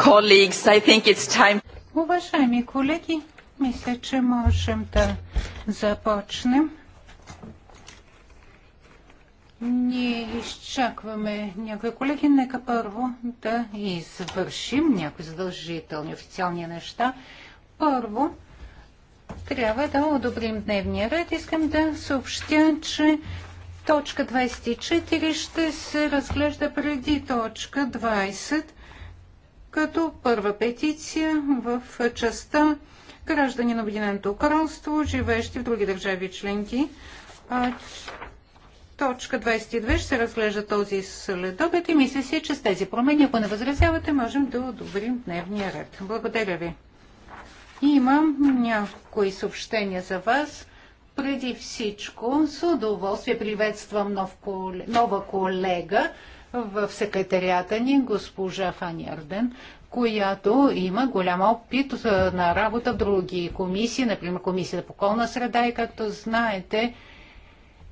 Colleagues, I think it's time. Уважаеми колеги, мисля, че можем да започнем. Ние изчакваме някои колеги. Нека първо да извършим някои задължителни официални неща. Първо, трябва да одобрим дневния ред. Искам да съобщя, че точка 24 ще се разглежда преди точка 20 като първа петиция в частта граждани на Обединеното кралство, живеещи в други държави членки. Точка 22 ще се разглежда този следобед и мисля си, че с тези промени, ако не възразявате, можем да одобрим дневния ред. Благодаря ви. Имам някои съобщения за вас. Преди всичко, с удоволствие приветствам нов, нова колега, в секретарията ни госпожа Фани Арден, която има голям опит на работа в други комисии, например Комисията по околна среда и както знаете,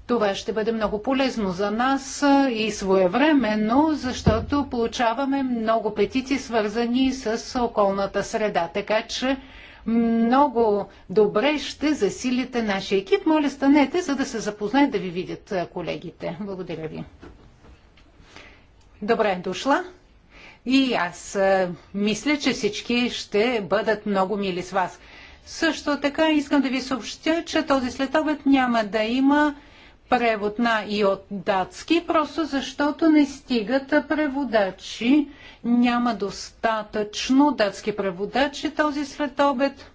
това ще бъде много полезно за нас и своевременно, защото получаваме много петиции, свързани с околната среда. Така че много добре ще засилите нашия екип. Моля, станете, за да се запознаят да ви видят колегите. Благодаря ви. Добре дошла. И аз мисля, че всички ще бъдат много мили с вас. Също така искам да ви съобщя, че този следобед няма да има превод на и от датски, просто защото не стигат преводачи. Няма достатъчно датски преводачи този следобед,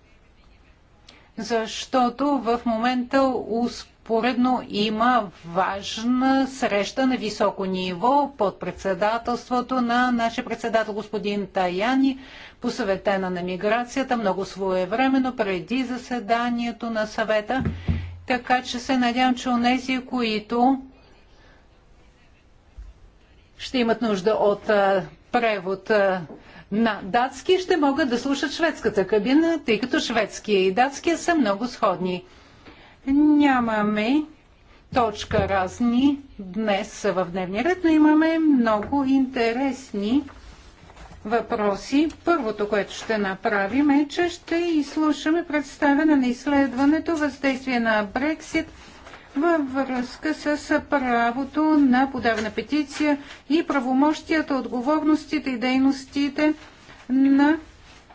защото в момента успешно Поредно има важна среща на високо ниво под председателството на нашия председател господин Таяни, посъветена на миграцията, много своевременно преди заседанието на съвета. Така че се надявам, че онези, които ще имат нужда от превод на датски, ще могат да слушат шведската кабина, тъй като шведския и датския са много сходни. Нямаме точка разни днес в дневния ред, но имаме много интересни въпроси. Първото, което ще направим е, че ще изслушаме представяне на изследването въздействие на Брексит във връзка с правото на подавна петиция и правомощията, отговорностите и дейностите на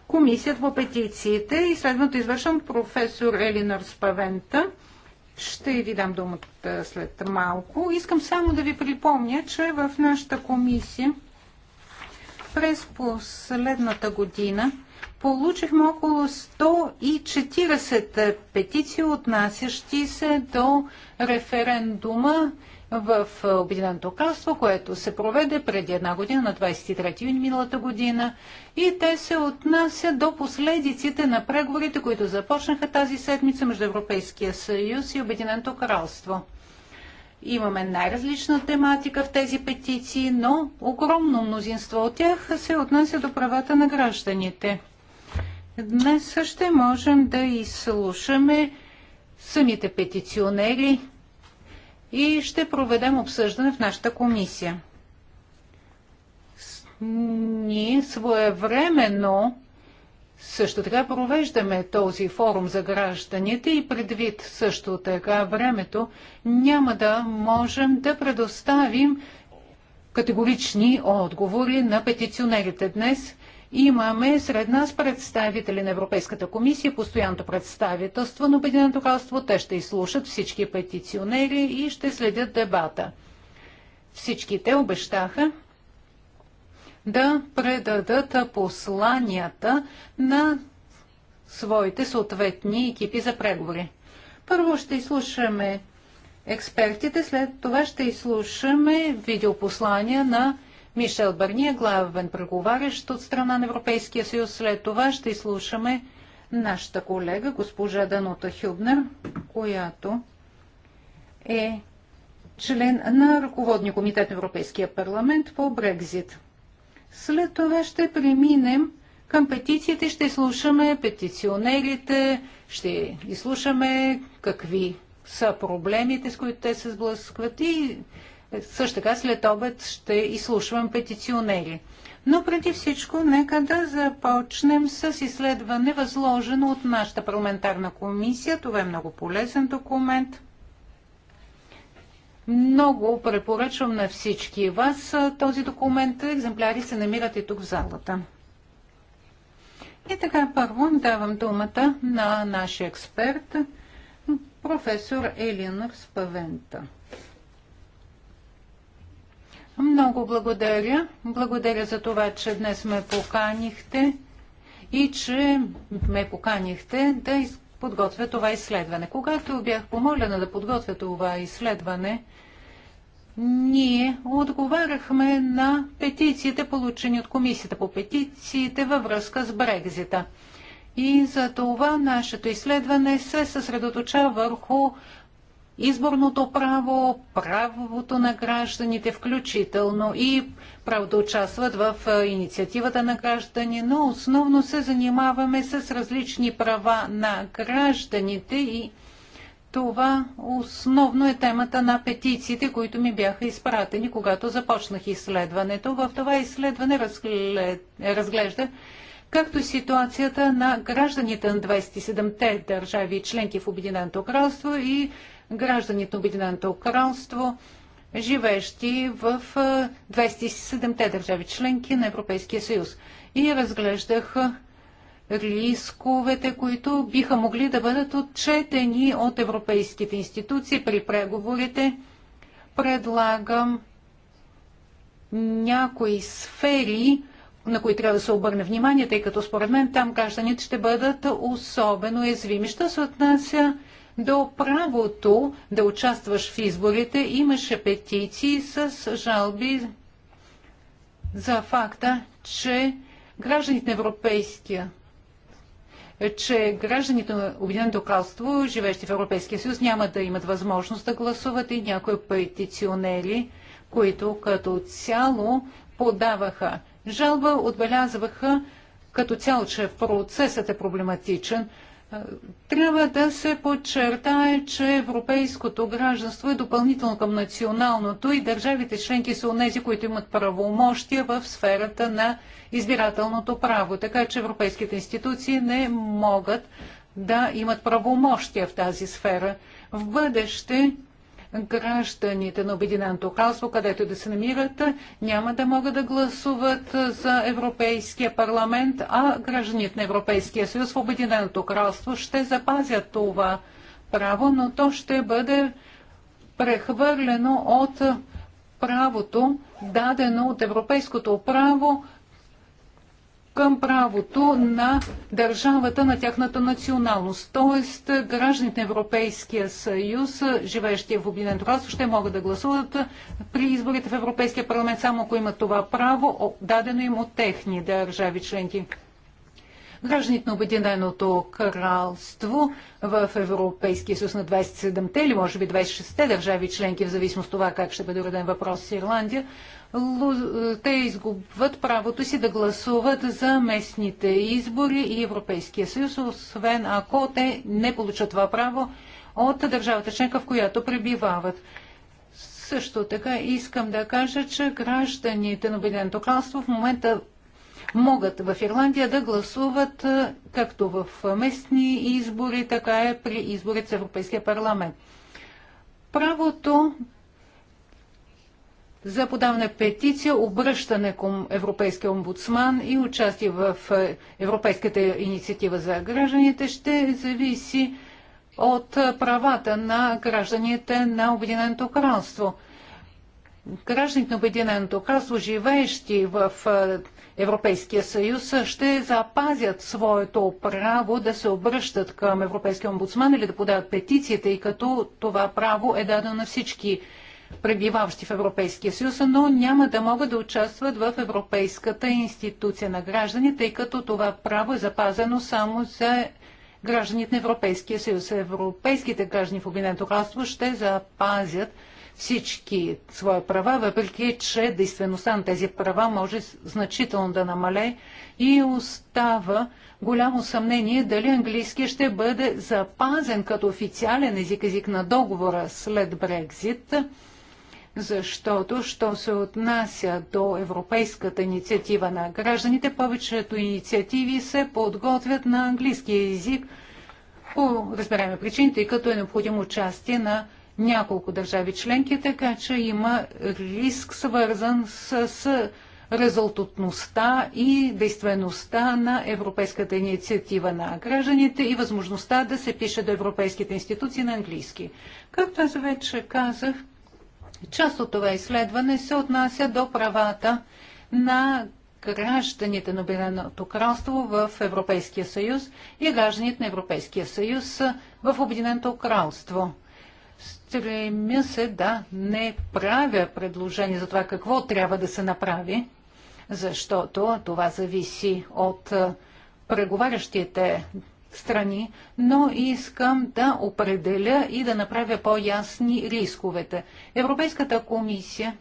Комисията по петициите и следното е извършвам професор Елинар Спавента. Ще ви дам думата след малко. Искам само да ви припомня, че в нашата комисия през последната година получихме около 140 петиции, отнасящи се до референдума в е, Обединеното кралство, което се проведе преди една година, на 23 юни миналата година. И те се отнасят до последиците на преговорите, които започнаха тази седмица между Европейския съюз и Обединеното кралство. Имаме най-различна тематика в тези петиции, но огромно мнозинство от тях се отнася до правата на гражданите. Днес ще можем да изслушаме самите петиционери, и ще проведем обсъждане в нашата комисия. Ние своевременно също така провеждаме този форум за гражданите и предвид също така времето няма да можем да предоставим категорични отговори на петиционерите днес. Имаме сред нас представители на Европейската комисия, постоянното представителство на Обединеното кралство. Те ще изслушат всички петиционери и ще следят дебата. Всички те обещаха да предадат посланията на своите съответни екипи за преговори. Първо ще изслушаме експертите, след това ще изслушаме видеопослания на Мишел Барния, главен преговарящ от страна на Европейския съюз. След това ще изслушаме нашата колега, госпожа Данута Хюбнер, която е член на ръководния комитет на Европейския парламент по Брекзит. След това ще преминем към петициите, ще слушаме петиционерите, ще изслушаме какви са проблемите, с които те се сблъскват и също така след обед ще изслушвам петиционери. Но преди всичко, нека да започнем с изследване, възложено от нашата парламентарна комисия. Това е много полезен документ. Много препоръчвам на всички вас този документ. Екземпляри се намират и тук в залата. И така, първо давам думата на нашия експерт, професор Елина Спавента. Много благодаря. Благодаря за това, че днес ме поканихте и че ме поканихте да подготвя това изследване. Когато бях помолена да подготвя това изследване, ние отговаряхме на петициите, получени от комисията по петициите във връзка с Брекзита. И за това нашето изследване се съсредоточа върху изборното право, правото на гражданите, включително и право да участват в инициативата на граждани, но основно се занимаваме с различни права на гражданите и това основно е темата на петициите, които ми бяха изпратени, когато започнах изследването. В това изследване разглед... разглежда както ситуацията на гражданите на 27-те държави членки в Обединеното кралство и гражданите на Обединеното кралство, живещи в 27-те държави членки на Европейския съюз и разглеждаха рисковете, които биха могли да бъдат отчетени от европейските институции при преговорите. Предлагам някои сфери, на които трябва да се обърне внимание, тъй като според мен там гражданите ще бъдат особено уязвими. Що се отнася до правото да участваш в изборите. Имаше петиции с жалби за факта, че гражданите на Европейския че гражданите на Обединеното кралство, живещи в Европейския съюз, няма да имат възможност да гласуват и някои петиционери, които като цяло подаваха жалба, отбелязваха като цяло, че процесът е проблематичен, трябва да се подчертае, че европейското гражданство е допълнително към националното и държавите членки са онези, които имат правомощия в сферата на избирателното право. Така че европейските институции не могат да имат правомощия в тази сфера. В бъдеще гражданите на Обединеното кралство, където да се намират, няма да могат да гласуват за Европейския парламент, а гражданите на Европейския съюз в Обединеното кралство ще запазят това право, но то ще бъде прехвърлено от правото, дадено от европейското право към правото на държавата на тяхната националност. Тоест, гражданите на Европейския съюз, живеещи в Обединеното кралство, ще могат да гласуват при изборите в Европейския парламент, само ако имат това право, дадено им от техни държави членки. Гражданите на Обединеното кралство в Европейския съюз на 27-те или може би 26-те държави членки, в зависимост от това как ще бъде уреден въпрос с Ирландия, те изгубват правото си да гласуват за местните избори и Европейския съюз, освен ако те не получат това право от държавата членка, в която пребивават. Също така искам да кажа, че гражданите на Обединеното кралство в момента могат в Ирландия да гласуват както в местни избори, така и при изборите с Европейския парламент. Правото за подаване петиция, обръщане към Европейския омбудсман и участие в е, Европейската инициатива за гражданите ще зависи от е, правата на гражданите на Обединеното кралство. Гражданите на Обединеното кралство, живеещи в е, Европейския съюз, ще запазят своето право да се обръщат към Европейския омбудсман или да подават петицията, и като това право е дадено на всички пребиваващи в Европейския съюз, но няма да могат да участват в Европейската институция на граждани, тъй като това право е запазено само за гражданите на Европейския съюз. Европейските граждани в Обединеното кралство ще запазят всички свои права, въпреки че действеността на тези права може значително да намале и остава голямо съмнение дали английски ще бъде запазен като официален език, език на договора след Брекзит защото, що се отнася до Европейската инициатива на гражданите, повечето инициативи се подготвят на английски язик по разбираеми причини, тъй като е необходимо участие на няколко държави членки, така че има риск свързан с, с резултатността и действеността на Европейската инициатива на гражданите и възможността да се пише до европейските институции на английски. Както аз вече казах, Част от това изследване се отнася до правата на гражданите на Обединеното кралство в Европейския съюз и гражданите на Европейския съюз в Обединеното кралство. Стремя се да не правя предложение за това какво трябва да се направи, защото това зависи от преговарящите страни, но искам да определя и да направя по-ясни рисковете. Европейската комисия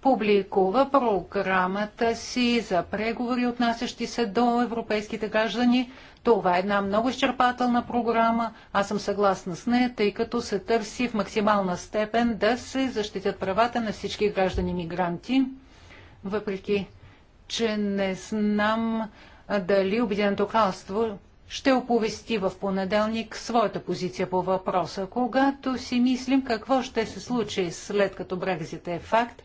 публикува програмата си за преговори, отнасящи се до европейските граждани. Това е една много изчерпателна програма. Аз съм съгласна с нея, тъй като се търси в максимална степен да се защитят правата на всички граждани-мигранти, въпреки че не знам дали Обединеното кралство ще оповести в понеделник своята позиция по въпроса. Когато си мислим какво ще се случи след като Брекзит е факт,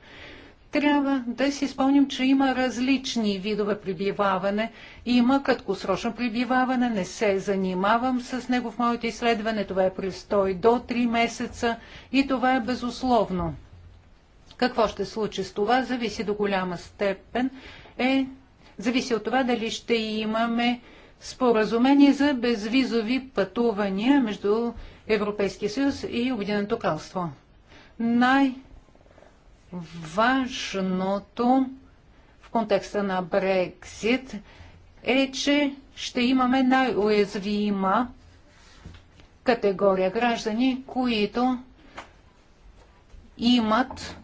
трябва да си спомним, че има различни видове прибиваване. Има краткосрочно прибиваване, не се занимавам с него в моето изследване. Това е престой до 3 месеца и това е безусловно. Какво ще случи с това, зависи до голяма степен, е, зависи от това дали ще имаме споразумение за безвизови пътувания между Европейския съюз и Обединеното кралство. Най-важното в контекста на Брексит е, че ще имаме най-уязвима категория граждани, които имат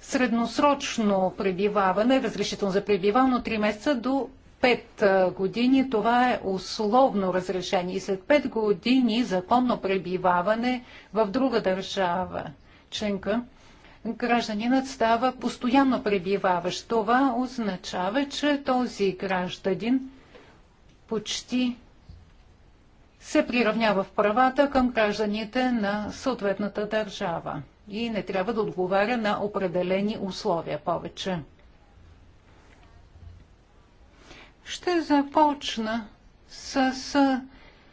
средносрочно пребиваване, разрешително за пребиваване от 3 месеца до 5 години това е условно разрешение и след 5 години законно пребиваване в друга държава членка гражданинът става постоянно пребиваващ. Това означава, че този гражданин почти се приравнява в правата към гражданите на съответната държава и не трябва да отговаря на определени условия повече. Ще започна с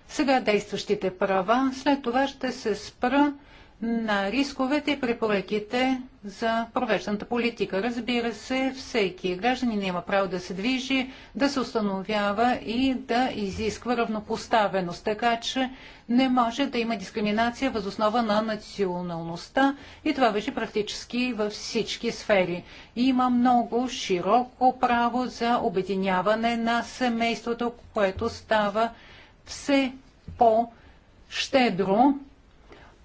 сега действащите права, след това ще се спра на рисковете и препоръките за провежданата политика. Разбира се, всеки гражданин има право да се движи, да се установява и да изисква равнопоставеност, така че не може да има дискриминация възоснова на националността и това беше практически във всички сфери. Има много широко право за обединяване на семейството, което става все по-щедро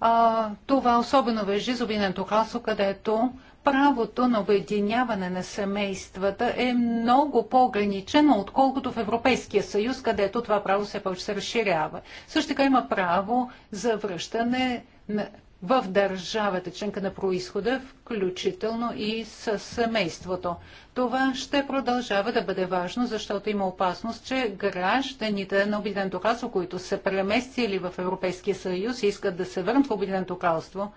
а, това особено въжи за Обединеното където правото на обединяване на семействата е много по-ограничено, отколкото в Европейския съюз, където това право все повече се разширява. Също така има право за връщане на в държавата членка на происхода, включително и с семейството. Това ще продължава да бъде важно, защото има опасност, че гражданите на Обединеното кралство, които са преместили в Европейския съюз и искат да се върнат в Обединеното кралство,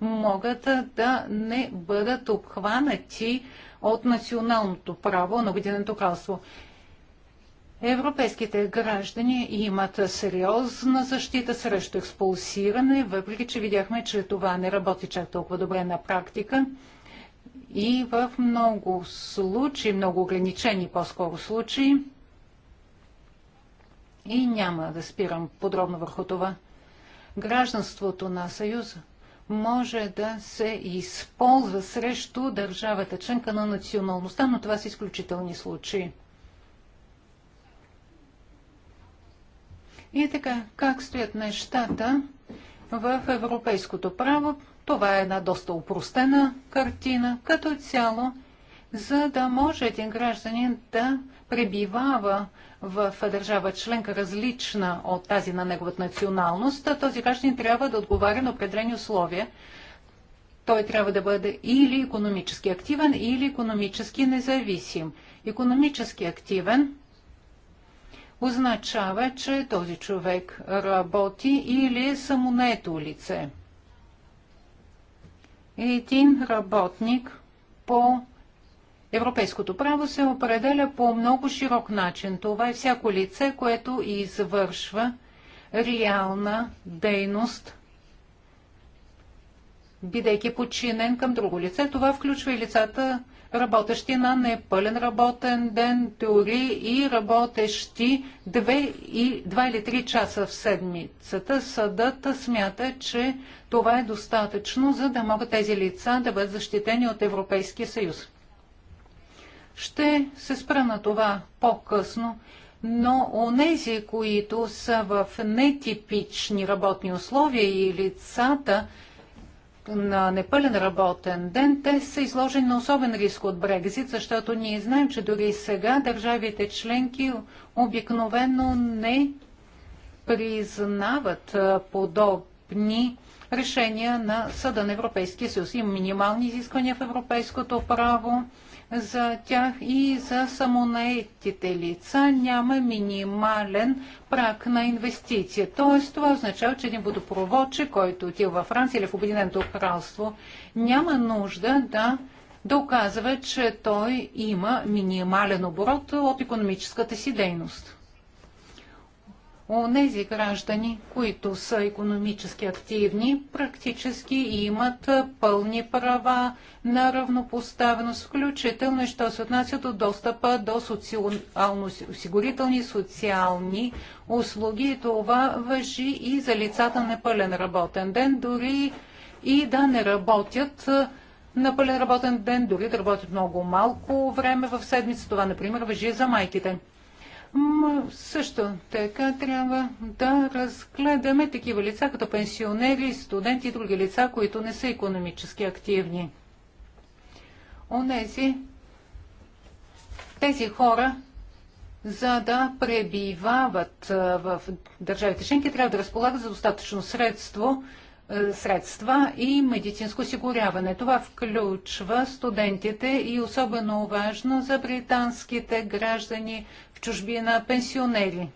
могат да не бъдат обхванати от националното право на Обединеното кралство. Европейските граждани имат сериозна защита срещу експулсиране, въпреки че видяхме, че това не работи чак толкова добре на практика. И в много случаи, много ограничени по-скоро случаи, и няма да спирам подробно върху това, гражданството на Съюза може да се използва срещу държавата членка на националността, но това са изключителни случаи. И така, как стоят нещата в европейското право? Това е една доста упростена картина като цяло, за да може един гражданин да пребивава в държава членка различна от тази на неговата националност, този гражданин трябва да отговаря на определени условия. Той трябва да бъде или економически активен, или економически независим. Економически активен означава, че този човек работи или е самонето лице. Един работник по Европейското право се определя по много широк начин. Това е всяко лице, което извършва реална дейност, бидейки подчинен към друго лице. Това включва и лицата, работещи на непълен работен ден, дори и работещи 2, и, 2 или 3 часа в седмицата. Съдът смята, че това е достатъчно, за да могат тези лица да бъдат защитени от Европейския съюз. Ще се спра на това по-късно, но онези, които са в нетипични работни условия и лицата, на непълен работен ден, те са изложени на особен риск от Брекзит, защото ние знаем, че дори сега държавите членки обикновено не признават подобни решения на Съда на Европейския съюз. Има минимални изисквания в европейското право за тях и за самонаетите лица няма минимален прак на инвестиция. Тоест, това означава, че един водопроводче, който отива във Франция или в Обединеното кралство, няма нужда да доказва, че той има минимален оборот от економическата си дейност. Онези граждани, които са економически активни, практически имат пълни права на равнопоставеност, включително и що се отнася до достъпа до социално-осигурителни социални услуги. Това въжи и за лицата на пълен работен ден, дори и да не работят на пълен работен ден, дори да работят много малко време в седмица. Това, например, въжи за майките също така трябва да разгледаме такива лица като пенсионери, студенти и други лица, които не са економически активни. Онези, тези хора, за да пребивават в държавите членки, трябва да разполагат за достатъчно средство е, средства и медицинско осигуряване. Това включва студентите и особено важно за британските граждани в чужбина пенсионери.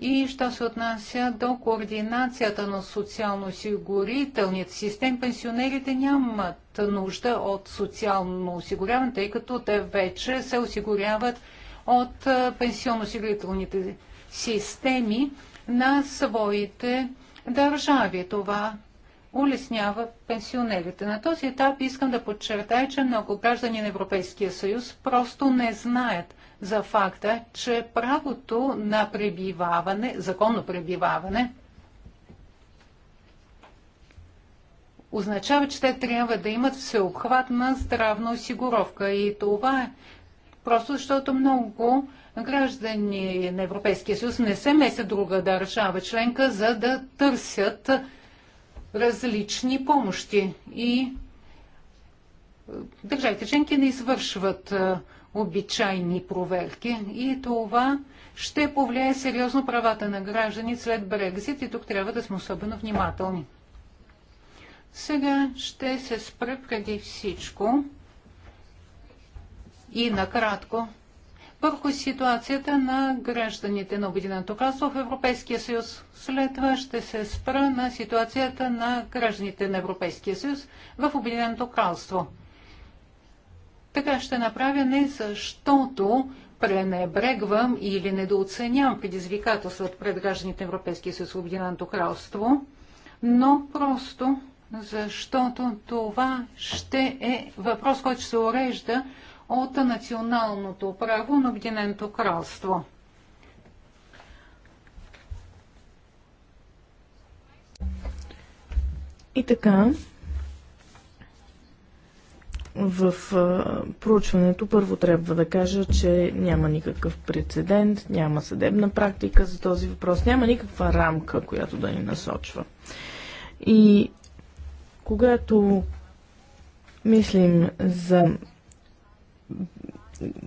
И що се отнася до координацията на социално-осигурителните системи, пенсионерите нямат нужда от социално осигуряване, тъй като те вече се осигуряват от е, пенсионно-осигурителните системи на своите държави. Това улеснява пенсионерите. На този етап искам да подчертая, че много граждани на Европейския съюз просто не знаят за факта, че правото на пребиваване, законно пребиваване, означава, че те трябва да имат всеобхватна здравна осигуровка. И това е просто защото много граждани на Европейския съюз не се месят друга държава членка, за да търсят различни помощи. И е, държавите членки не извършват е, обичайни проверки и това ще повлияе сериозно правата на граждани след Брекзит и тук трябва да сме особено внимателни. Сега ще се спра преди всичко и накратко върху ситуацията на гражданите на Обединеното кралство в Европейския съюз. След това ще се спра на ситуацията на гражданите на Европейския съюз в Обединеното кралство. Така ще направя не защото пренебрегвам или недооценявам предизвикателствата пред гражданите на Европейския съюз в Обединеното кралство, но просто защото това ще е въпрос, който се урежда от националното право на Обединеното кралство. И така, в проучването първо трябва да кажа, че няма никакъв прецедент, няма съдебна практика за този въпрос, няма никаква рамка, която да ни насочва. И когато мислим за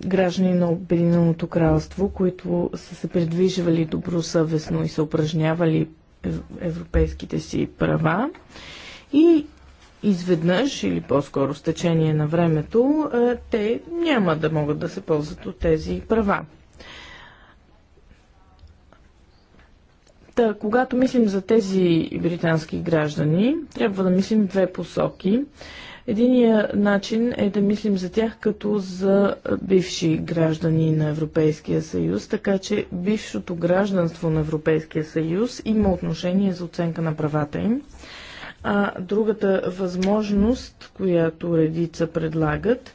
граждани на Обединеното кралство, които са се придвижвали добросъвестно и са упражнявали европейските си права. И изведнъж, или по-скоро с течение на времето, е, те няма да могат да се ползват от тези права. Та, когато мислим за тези британски граждани, трябва да мислим две посоки. Единия начин е да мислим за тях като за бивши граждани на Европейския съюз, така че бившото гражданство на Европейския съюз има отношение за оценка на правата им. А другата възможност, която редица предлагат,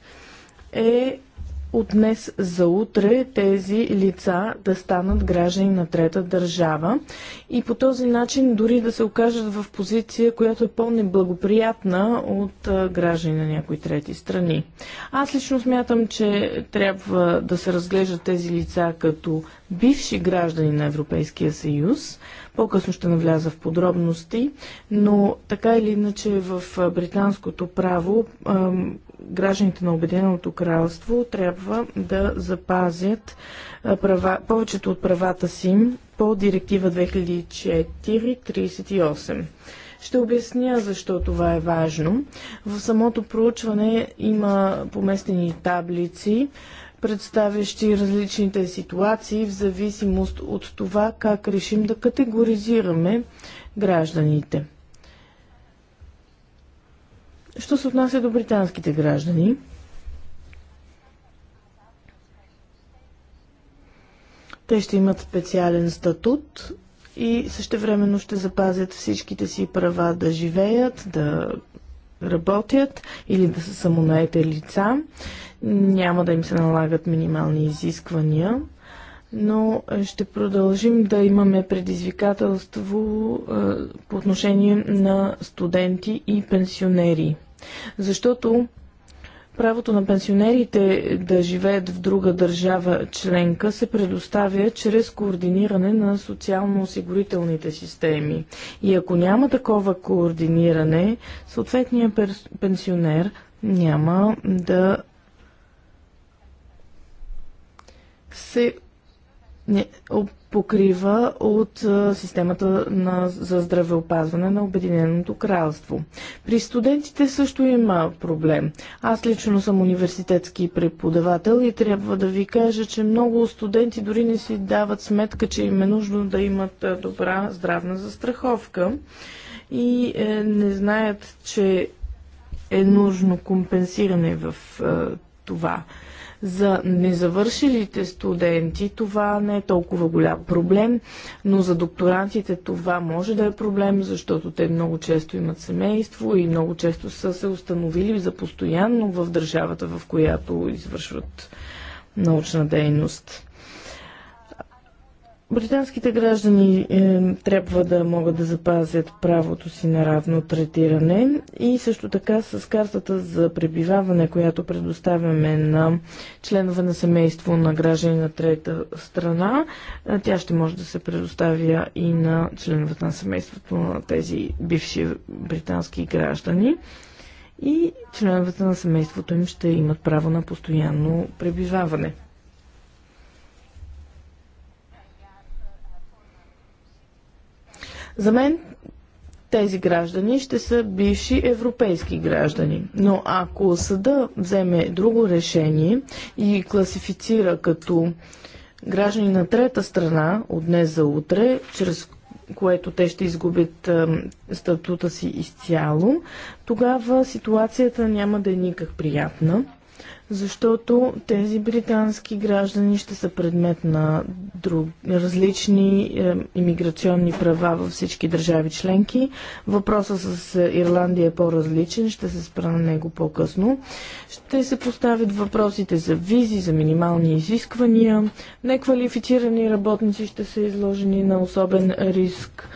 е от днес за утре тези лица да станат граждани на трета държава и по този начин дори да се окажат в позиция, която е по-неблагоприятна от граждани на някои трети страни. Аз лично смятам, че трябва да се разглеждат тези лица като бивши граждани на Европейския съюз. По-късно ще навляза в подробности, но така или иначе в британското право гражданите на Обединеното кралство трябва да запазят права, повечето от правата си по директива 2004-38. Ще обясня защо това е важно. В самото проучване има поместени таблици, представящи различните ситуации в зависимост от това как решим да категоризираме гражданите. Що се отнася до британските граждани? Те ще имат специален статут и същевременно ще запазят всичките си права да живеят, да работят или да са самонаете лица. Няма да им се налагат минимални изисквания но е, ще продължим да имаме предизвикателство е, по отношение на студенти и пенсионери. Защото правото на пенсионерите да живеят в друга държава членка се предоставя чрез координиране на социално-осигурителните системи. И ако няма такова координиране, съответният пенсионер няма да се покрива от системата на, за здравеопазване на Обединеното кралство. При студентите също има проблем. Аз лично съм университетски преподавател и трябва да ви кажа, че много студенти дори не си дават сметка, че им е нужно да имат добра здравна застраховка и е, не знаят, че е нужно компенсиране в е, това. За незавършилите студенти това не е толкова голям проблем, но за докторантите това може да е проблем, защото те много често имат семейство и много често са се установили за постоянно в държавата, в която извършват научна дейност. Британските граждани е, трябва да могат да запазят правото си на равно третиране и също така с картата за пребиваване, която предоставяме на членове на семейство на граждани на трета страна, е, тя ще може да се предоставя и на членовете на семейството на тези бивши британски граждани и членовете на семейството им ще имат право на постоянно пребиваване. За мен тези граждани ще са бивши европейски граждани. Но ако съда вземе друго решение и класифицира като граждани на трета страна от днес за утре, чрез което те ще изгубят статута си изцяло, тогава ситуацията няма да е никак приятна защото тези британски граждани ще са предмет на друг, различни е, иммиграционни права във всички държави членки. Въпросът с е, Ирландия е по-различен, ще се спра на него по-късно. Ще се поставят въпросите за визи, за минимални изисквания. Неквалифицирани работници ще са изложени на особен риск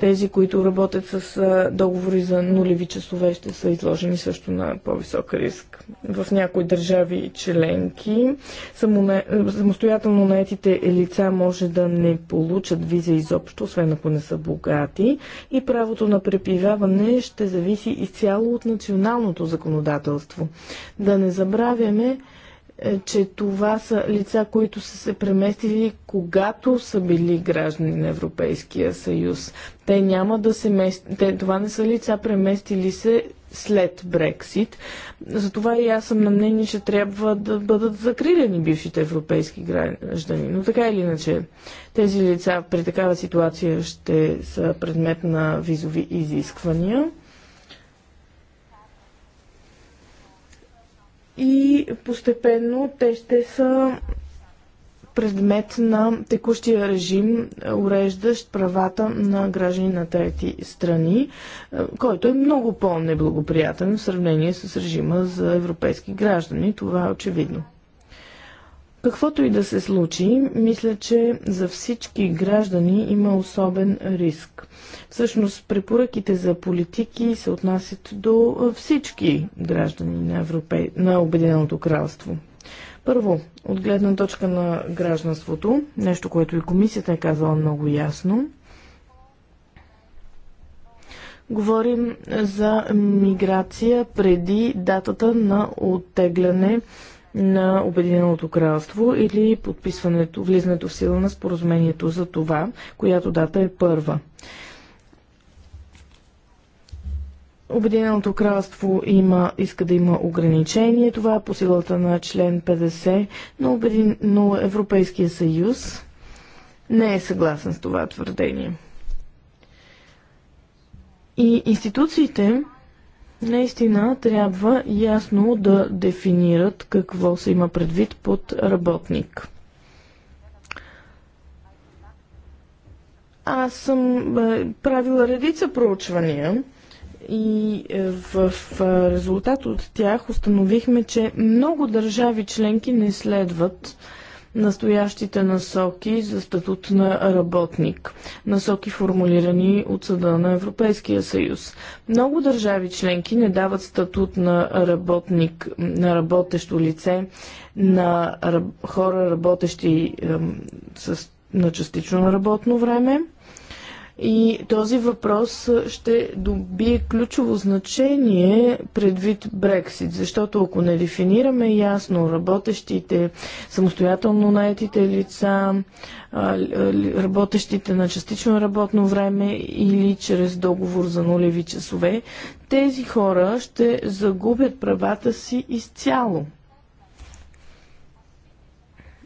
тези, които работят с договори за нулеви часове, ще са изложени също на по-висок риск. В някои държави членки само, самостоятелно наетите лица може да не получат виза изобщо, освен ако не са богати. И правото на препиваване ще зависи изцяло от националното законодателство. Да не забравяме, е, че това са лица, които са се преместили, когато са били граждани на Европейския съюз. Те няма да се мест... Те, това не са лица, преместили се след Брексит. Затова и аз съм на мнение, че трябва да бъдат закрилени бившите европейски граждани. Но така или иначе, тези лица при такава ситуация ще са предмет на визови изисквания. и постепенно те ще са предмет на текущия режим, уреждащ правата на граждани на трети страни, който е много по-неблагоприятен в сравнение с режима за европейски граждани. Това е очевидно. Каквото и да се случи, мисля, че за всички граждани има особен риск. Всъщност, препоръките за политики се отнасят до всички граждани на, Европе... на Обединеното кралство. Първо, от гледна точка на гражданството, нещо, което и комисията е казала много ясно, говорим за миграция преди датата на оттегляне на Обединеното кралство или подписването, влизането в сила на споразумението за това, която дата е първа. Обединеното кралство има, иска да има ограничение, това е по силата на член 50, но, обедин, но Европейския съюз не е съгласен с това твърдение. И институциите наистина трябва ясно да дефинират какво се има предвид под работник. Аз съм е, правила редица проучвания и е, в е, резултат от тях установихме, че много държави членки не следват настоящите насоки за статут на работник. Насоки формулирани от Съда на Европейския съюз. Много държави членки не дават статут на работник, на работещо лице, на хора работещи с, на частично работно време и този въпрос ще добие ключово значение предвид Брексит, защото ако не дефинираме ясно работещите, самостоятелно наетите лица, работещите на частично работно време или чрез договор за нулеви часове, тези хора ще загубят правата си изцяло.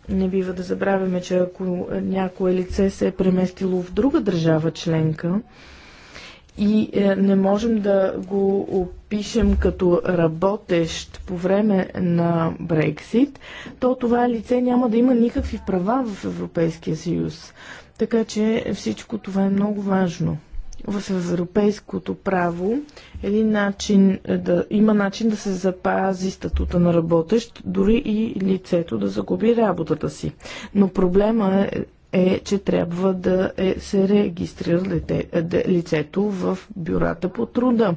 Не бива да забравяме, че ако някое лице се е преместило в друга държава членка, и е, не можем да го опишем като работещ по време на Брексит, то това лице няма да има никакви права в Европейския съюз. Така че всичко това е много важно в европейското право един начин е, да, има начин да се запази статута на работещ, дори и лицето да загуби работата си. Но проблема е, е че трябва да е, се регистрира е, лицето в бюрата по труда.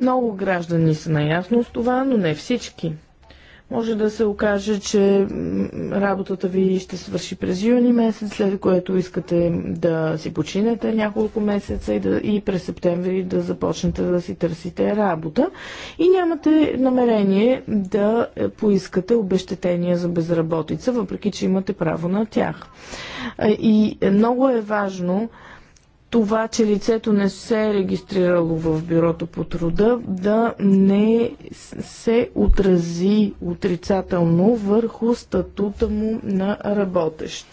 Много граждани са наясно с това, но не всички може да се окаже, че работата ви ще свърши през юни месец, след което искате да си починете няколко месеца и, да, и през септември да започнете да си търсите работа и нямате намерение да е, поискате обещетения за безработица, въпреки че имате право на тях. И много е важно това, че лицето не се е регистрирало в бюрото по труда, да не се отрази отрицателно върху статута му на работещ.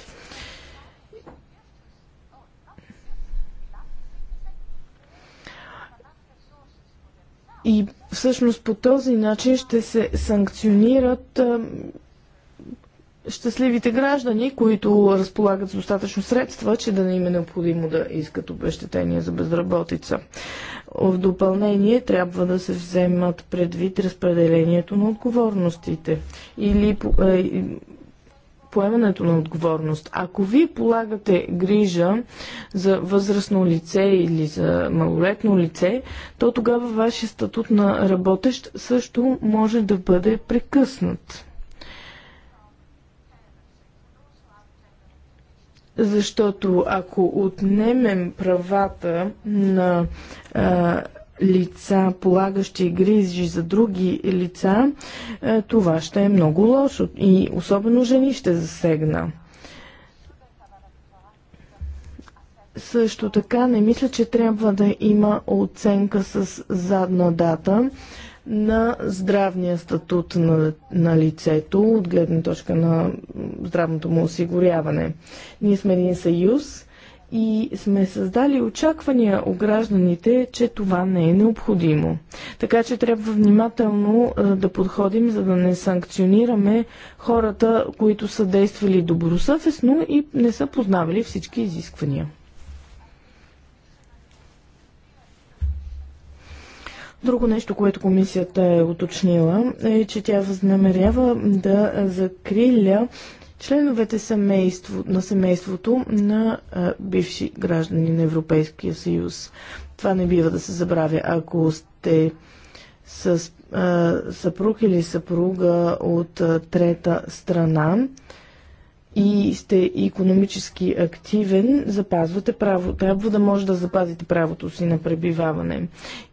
И всъщност по този начин ще се санкционират щастливите граждани, които разполагат с достатъчно средства, че да не им е необходимо да искат обещетение за безработица. В допълнение трябва да се вземат предвид разпределението на отговорностите или е, поемането на отговорност. Ако вие полагате грижа за възрастно лице или за малолетно лице, то тогава вашия статут на работещ също може да бъде прекъснат. Защото ако отнемем правата на а, лица, полагащи грижи за други лица, а, това ще е много лошо и особено жени ще засегна. Също така не мисля, че трябва да има оценка с задна дата. А, на здравния статут на, на лицето от гледна точка на здравното му осигуряване. Ние сме един съюз и сме създали очаквания у гражданите, че това не е необходимо. Така че трябва внимателно да подходим, за да не санкционираме хората, които са действали добросъвестно и не са познавали всички изисквания. Друго нещо, което комисията е уточнила, е, че тя възнамерява да закриля членовете семейство, на семейството на а, бивши граждани на Европейския съюз. Това не бива да се забравя. Ако сте с а, съпруг или съпруга от а, трета страна, и сте економически активен, запазвате право, трябва да може да запазите правото си на пребиваване.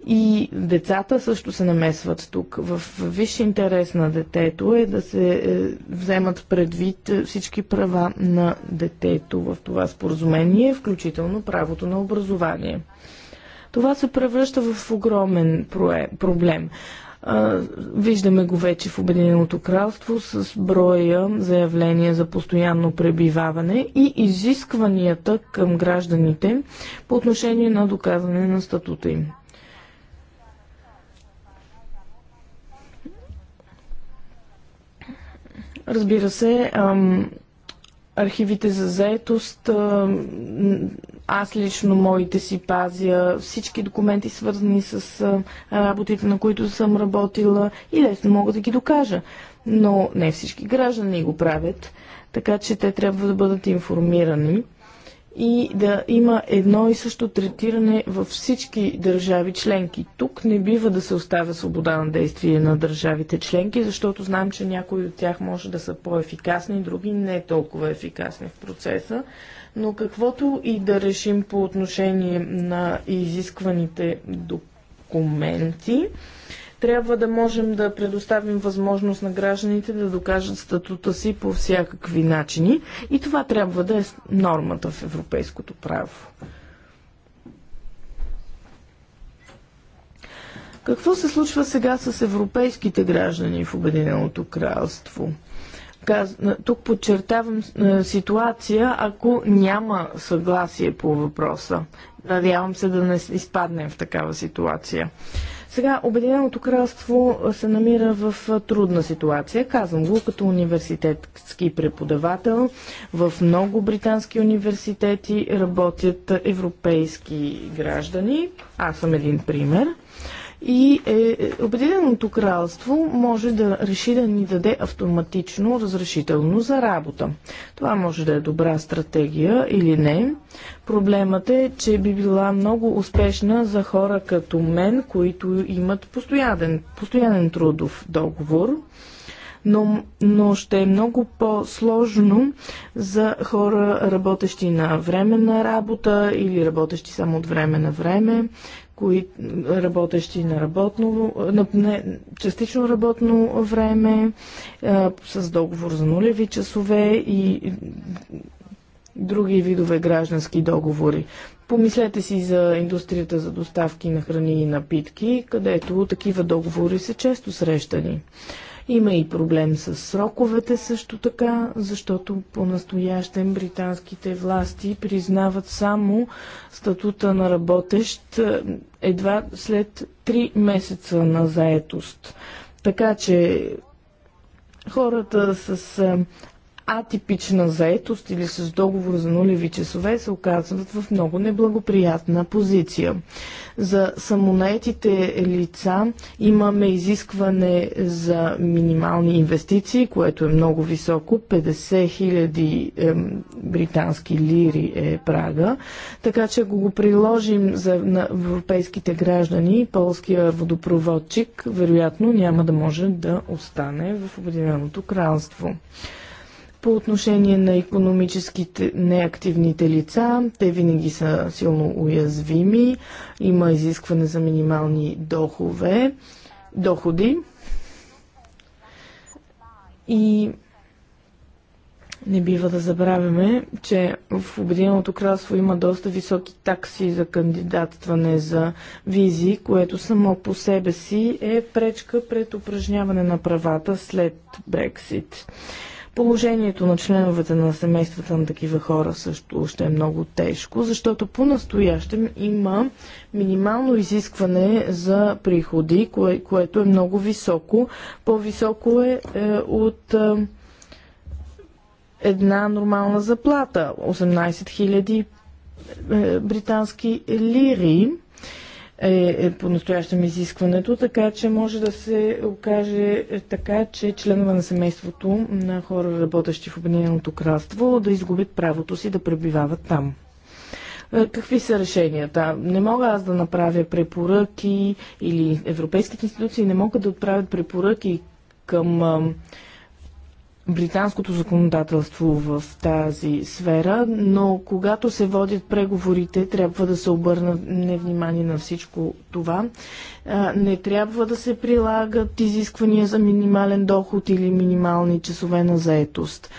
И децата също се намесват тук. В висш интерес на детето е да се е, вземат предвид всички права на детето в това споразумение, включително правото на образование. Това се превръща в огромен проблем. Виждаме го вече в Обединеното кралство с броя заявления за постоянно пребиваване и изискванията към гражданите по отношение на доказване на статута им. Разбира се, архивите за заетост. Аз лично моите си пазя всички документи, свързани с работите, на които съм работила и лесно мога да ги докажа. Но не всички граждани го правят, така че те трябва да бъдат информирани и да има едно и също третиране във всички държави членки. Тук не бива да се оставя свобода на действие на държавите членки, защото знам, че някои от тях може да са по-ефикасни, други не толкова ефикасни в процеса. Но каквото и да решим по отношение на изискваните документи, трябва да можем да предоставим възможност на гражданите да докажат статута си по всякакви начини и това трябва да е нормата в европейското право. Какво се случва сега с европейските граждани в Обединеното кралство? Тук подчертавам е, ситуация, ако няма съгласие по въпроса. Надявам се да не изпаднем в такава ситуация. Сега Обединеното кралство се намира в трудна ситуация. Казвам го като университетски преподавател. В много британски университети работят европейски граждани. Аз съм един пример и е, Обединеното кралство може да реши да ни даде автоматично разрешително за работа. Това може да е добра стратегия или не. Проблемът е, че би била много успешна за хора като мен, които имат постоянен, постоянен трудов договор но, но ще е много по-сложно за хора, работещи на временна работа или работещи само от време на време кои, работещи на работно, на, не, частично работно време, а, с договор за нулеви часове и други видове граждански договори. Помислете си за индустрията за доставки на храни и напитки, където такива договори са често срещани. Има и проблем с сроковете също така, защото по настоящен британските власти признават само статута на работещ е, едва след 3 месеца на заетост. Така че хората с е, атипична заетост или с договор за нулеви часове се оказват в много неблагоприятна позиция. За самонаетите лица имаме изискване за минимални инвестиции, което е много високо. 50 000 британски лири е прага. Така че ако го приложим за на европейските граждани, полския водопроводчик вероятно няма да може да остане в Обединеното кралство. По отношение на економическите неактивните лица, те винаги са силно уязвими. Има изискване за минимални дохове, доходи. И не бива да забравяме, че в Обединеното кралство има доста високи такси за кандидатстване за визи, което само по себе си е пречка пред упражняване на правата след Брексит. Положението на членовете на семействата на такива хора също ще е много тежко, защото по-настоящем има минимално изискване за приходи, кое, което е много високо. По-високо е, е от е, една нормална заплата 18 000 е, британски лири е, е по-настоящем изискването, така че може да се окаже така, че членове на семейството на хора, работещи в Обединеното кралство, да изгубят правото си да пребивават там. Е, какви са решенията? Не мога аз да направя препоръки или европейските институции не могат да отправят препоръки към британското законодателство в тази сфера, но когато се водят преговорите, трябва да се обърна внимание на всичко това. Не трябва да се прилагат изисквания за минимален доход или минимални часове на заетост.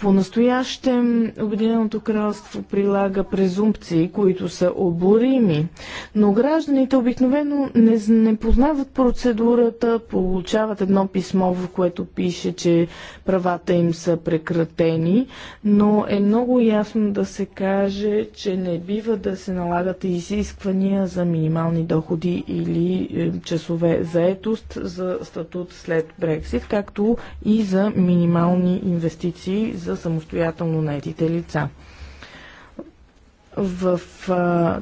По-настоящем Обединеното кралство прилага презумпции, които са оборими, но гражданите обикновено не, не познават процедурата, получават едно писмо, в което пише, че правата им са прекратени, но е много ясно да се каже, че не бива да се налагат изисквания за минимални доходи или е, часове заетост за статут след Брексит, както и за минимални инвестиции позиции за самостоятелно наетите лица. В а,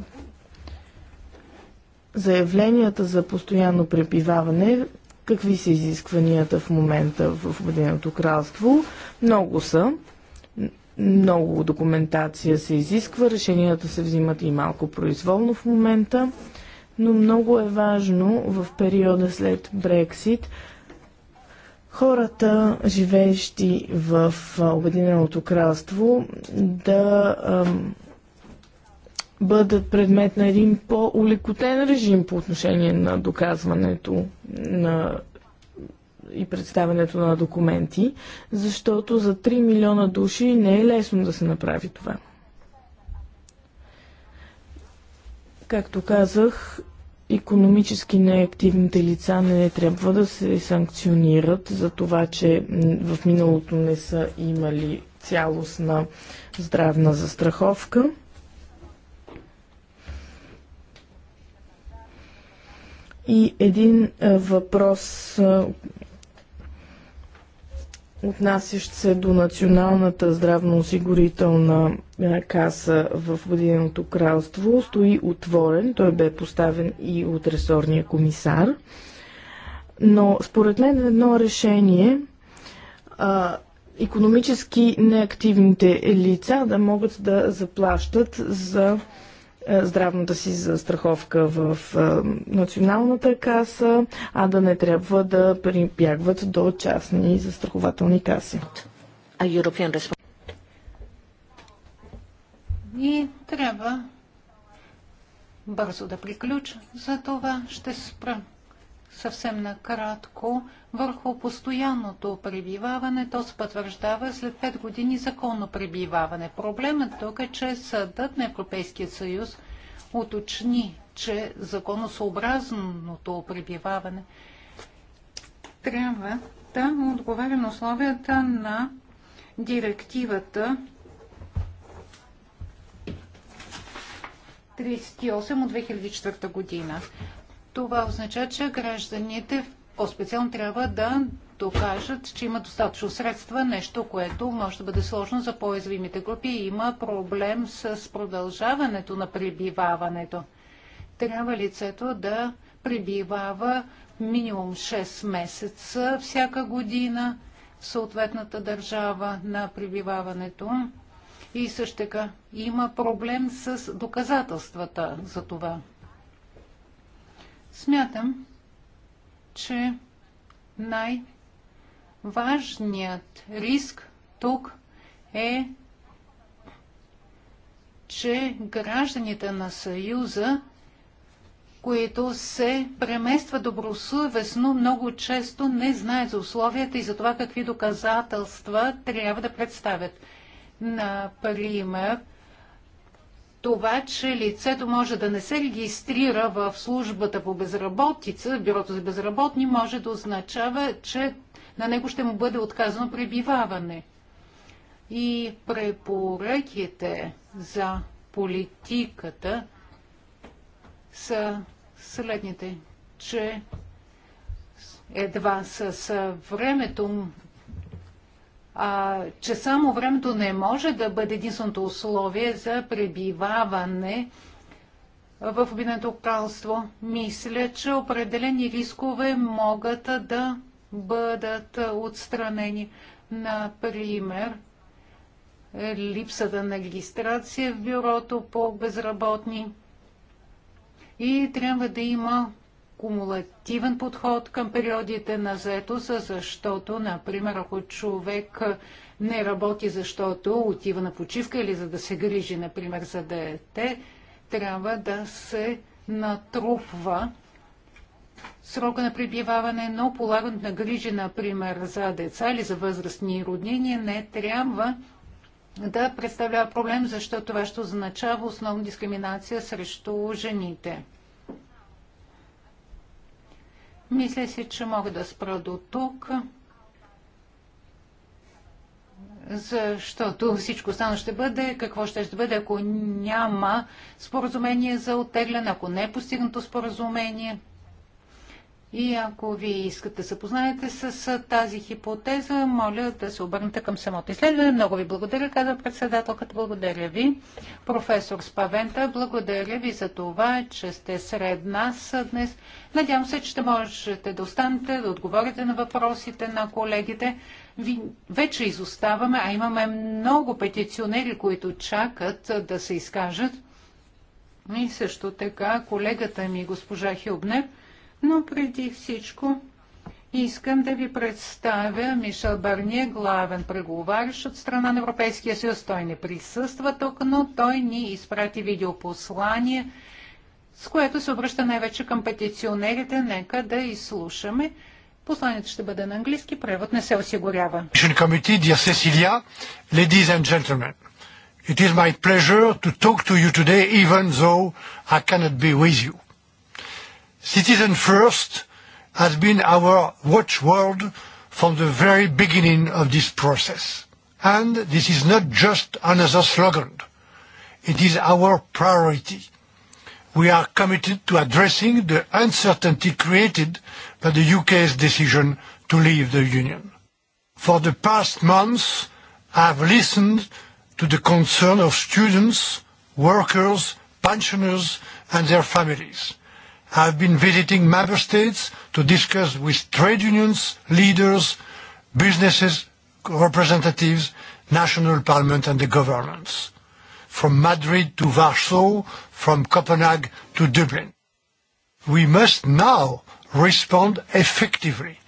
заявленията за постоянно пребиваване, какви са изискванията в момента в Обединеното кралство? Много са. Много документация се изисква, решенията се взимат и малко произволно в момента, но много е важно в периода след Брексит хората, живеещи в Обединеното кралство, да бъдат предмет на един по-улекотен режим по отношение на доказването на и представянето на документи, защото за 3 милиона души не е лесно да се направи това. Както казах, Економически неактивните лица не трябва да се санкционират за това, че в миналото не са имали цялостна здравна застраховка. И един въпрос, отнасящ се до Националната здравноосигурителна е, каса в Обединеното кралство, стои отворен. Той бе поставен и от ресорния комисар. Но според мен едно решение а, економически неактивните лица да могат да заплащат за е, здравната си застраховка в е, националната каса, а да не трябва да прибягват до частни застрахователни каси. И трябва бързо да приключа. За това ще спра съвсем накратко върху постоянното пребиваване. То се потвърждава след 5 години законно пребиваване. Проблемът тук е, че Съдът на Европейския съюз уточни, че законосъобразното пребиваване трябва да отговаря на условията на директивата 38 от 2004 година. Това означава, че гражданите по-специално трябва да докажат, че има достатъчно средства, нещо, което може да бъде сложно за по-уязвимите групи. И Има проблем с продължаването на прибиваването. Трябва лицето да прибивава минимум 6 месеца всяка година в съответната държава на прибиваването. И също така има проблем с доказателствата за това. Смятам, че най-важният риск тук е, че гражданите на Съюза, които се преместват добросъвестно, много често не знаят за условията и за това какви доказателства трябва да представят. Например, това, че лицето може да не се регистрира в службата по безработица, бюрото за безработни, може да означава, че на него ще му бъде отказано пребиваване. И препоръките за политиката са следните, че едва с времето а, че само времето не може да бъде единственото условие за пребиваване в Обединеното кралство. Мисля, че определени рискове могат да бъдат отстранени. Например, липсата на регистрация в бюрото по безработни. И трябва да има кумулативен подход към периодите на заето, защото, например, ако човек не работи, защото отива на почивка или за да се грижи, например, за дете, трябва да се натрупва срока на пребиваване, но полагането на грижи, например, за деца или за възрастни роднини не трябва да представлява проблем, защото това ще означава основна дискриминация срещу жените. Мисля си, че мога да спра до тук, защото всичко останало ще бъде какво ще, ще бъде, ако няма споразумение за отеглен, ако не е постигнато споразумение – и ако вие искате да се познаете с тази хипотеза, моля да се обърнете към самото изследване. Много ви благодаря, каза председателката. Благодаря ви. Професор Спавента, благодаря ви за това, че сте сред нас днес. Надявам се, че ще можете да останете, да отговорите на въпросите на колегите. Ви вече изоставаме, а имаме много петиционери, които чакат да се изкажат. И също така колегата ми, госпожа Хилбнер, но преди всичко искам да ви представя Мишел Барние, главен преговарящ от страна на Европейския съюз. Той не присъства тук, но той ни изпрати видеопослание, с което се обръща най-вече към петиционерите. Нека да изслушаме. Посланието ще бъде на английски, превод не се осигурява. it is my pleasure to talk to you today, even though I cannot be with you. Citizen First has been our watchword from the very beginning of this process. And this is not just another slogan. It is our priority. We are committed to addressing the uncertainty created by the UK's decision to leave the Union. For the past months, I have listened to the concern of students, workers, pensioners and their families have been visiting member states to discuss with trade unions, leaders, businesses, representatives, national parliament and the governments. From Madrid to Warsaw, from Copenhagen to Dublin. We must now respond effectively.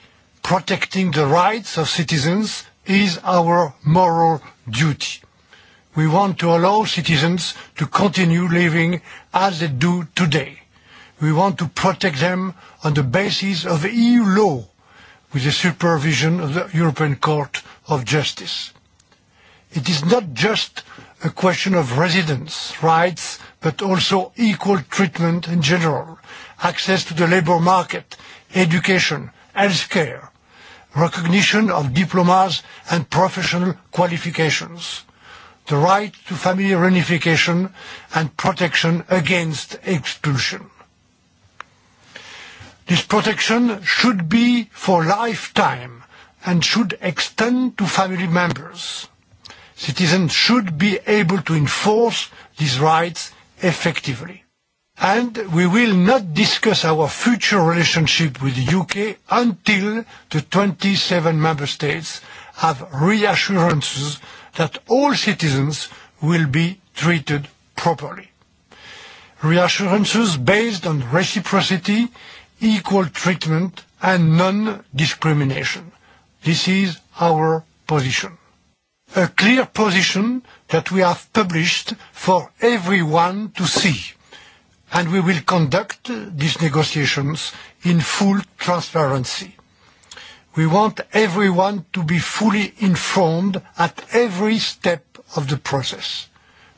Protecting the rights of citizens is our moral duty. We want to allow citizens to continue living as they do today We want to protect them on the basis of EU law with the supervision of the European Court of Justice. It is not just a question of residence rights, but also equal treatment in general, access to the labour market, education, healthcare, recognition of diplomas and professional qualifications, the right to family reunification and protection against expulsion. This protection should be for lifetime and should extend to family members. Citizens should be able to enforce these rights effectively. And we will not discuss our future relationship with the UK until the 27 member states have reassurances that all citizens will be treated properly. Reassurances based on reciprocity, equal treatment and non-discrimination. This is our position. A clear position that we have published for everyone to see. And we will conduct these negotiations in full transparency. We want everyone to be fully informed at every step of the process.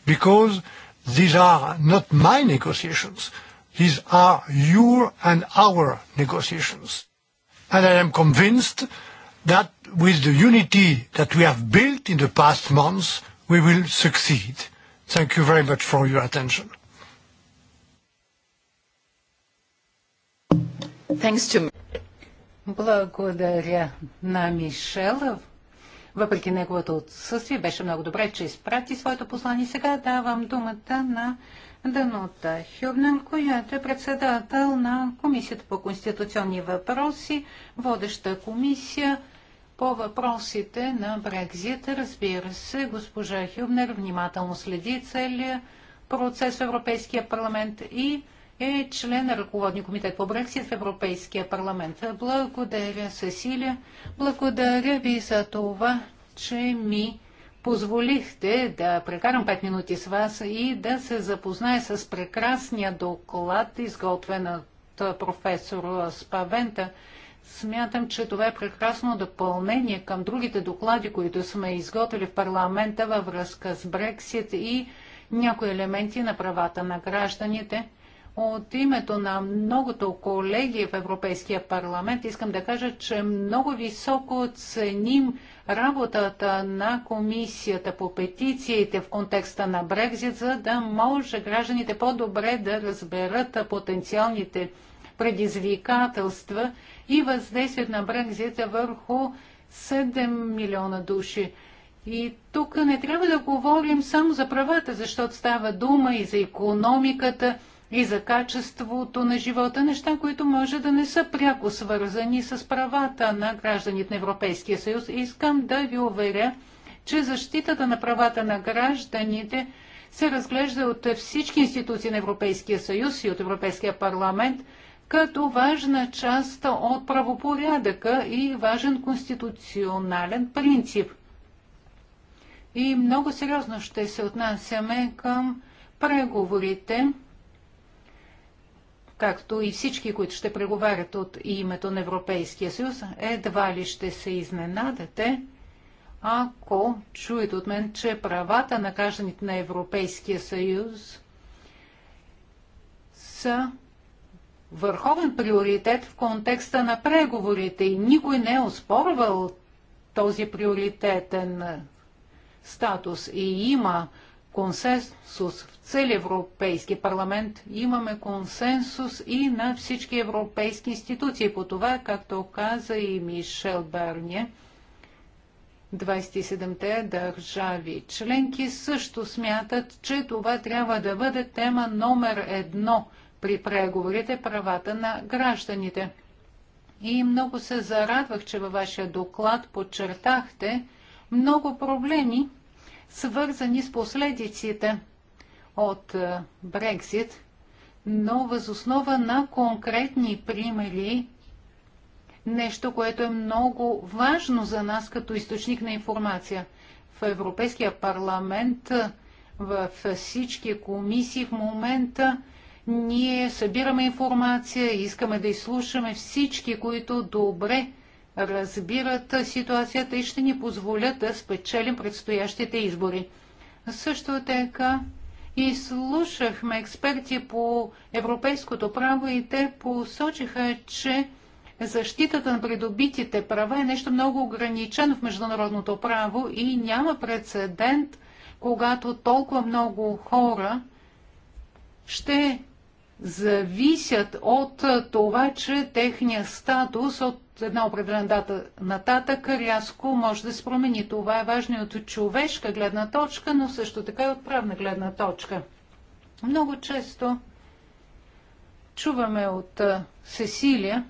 Because these are not my negotiations. These are your and our negotiations. And I am convinced that with the unity that we have built in the past months, we will succeed. Thank you very much for your attention. Thanks to... Благодаря на Мишел. Въпреки неговото отсъствие, беше много добре, че изпрати своето послание. Сега давам думата на Данута Хюбнен, която е председател на Комисията по конституционни въпроси, водеща комисия по въпросите на Брекзит. Разбира се, госпожа Хюбнер внимателно следи целия процес в Европейския парламент и е член на ръководния комитет по Брексит в Европейския парламент. Благодаря, Сесилия. Благодаря ви за това, че ми позволихте да прекарам 5 минути с вас и да се запозная с прекрасния доклад, изготвен от професор Спавента. Смятам, че това е прекрасно допълнение към другите доклади, които сме изготвили в парламента във връзка с Брексит и някои елементи на правата на гражданите. От името на многото колеги в Европейския парламент искам да кажа, че много високо ценим работата на комисията по петициите в контекста на Брекзит, за да може гражданите по-добре да разберат потенциалните предизвикателства и въздействието на Брекзита върху 7 милиона души. И тук не трябва да говорим само за правата, защото става дума и за економиката – и за качеството на живота, неща, които може да не са пряко свързани с правата на гражданите на Европейския съюз. Искам да ви уверя, че защитата на правата на гражданите се разглежда от всички институции на Европейския съюз и от Европейския парламент като важна част от правопорядъка и важен конституционален принцип. И много сериозно ще се отнасяме към преговорите както и всички, които ще преговарят от името на Европейския съюз, едва ли ще се изненадате, ако чуете от мен, че правата на гражданите на Европейския съюз са върховен приоритет в контекста на преговорите и никой не е оспорвал този приоритетен статус и има консенсус в цели Европейски парламент. Имаме консенсус и на всички европейски институции по това, както каза и Мишел Берния, 27-те държави членки също смятат, че това трябва да бъде тема номер едно при преговорите правата на гражданите. И много се зарадвах, че във вашия доклад подчертахте много проблеми, свързани с последиците от е, Брекзит, но възоснова на конкретни примери, нещо, което е много важно за нас като източник на информация. В Европейския парламент, е, в всички комисии в момента ние събираме информация, искаме да изслушаме всички, които добре разбират ситуацията и ще ни позволят да спечелим предстоящите избори. Също така и слушахме експерти по европейското право и те посочиха, че защитата на придобитите права е нещо много ограничено в международното право и няма прецедент, когато толкова много хора ще зависят от това, че техния статус от една определена дата нататък рязко може да се промени. Това е важно и от човешка гледна точка, но също така и от правна гледна точка. Много често чуваме от Сесилия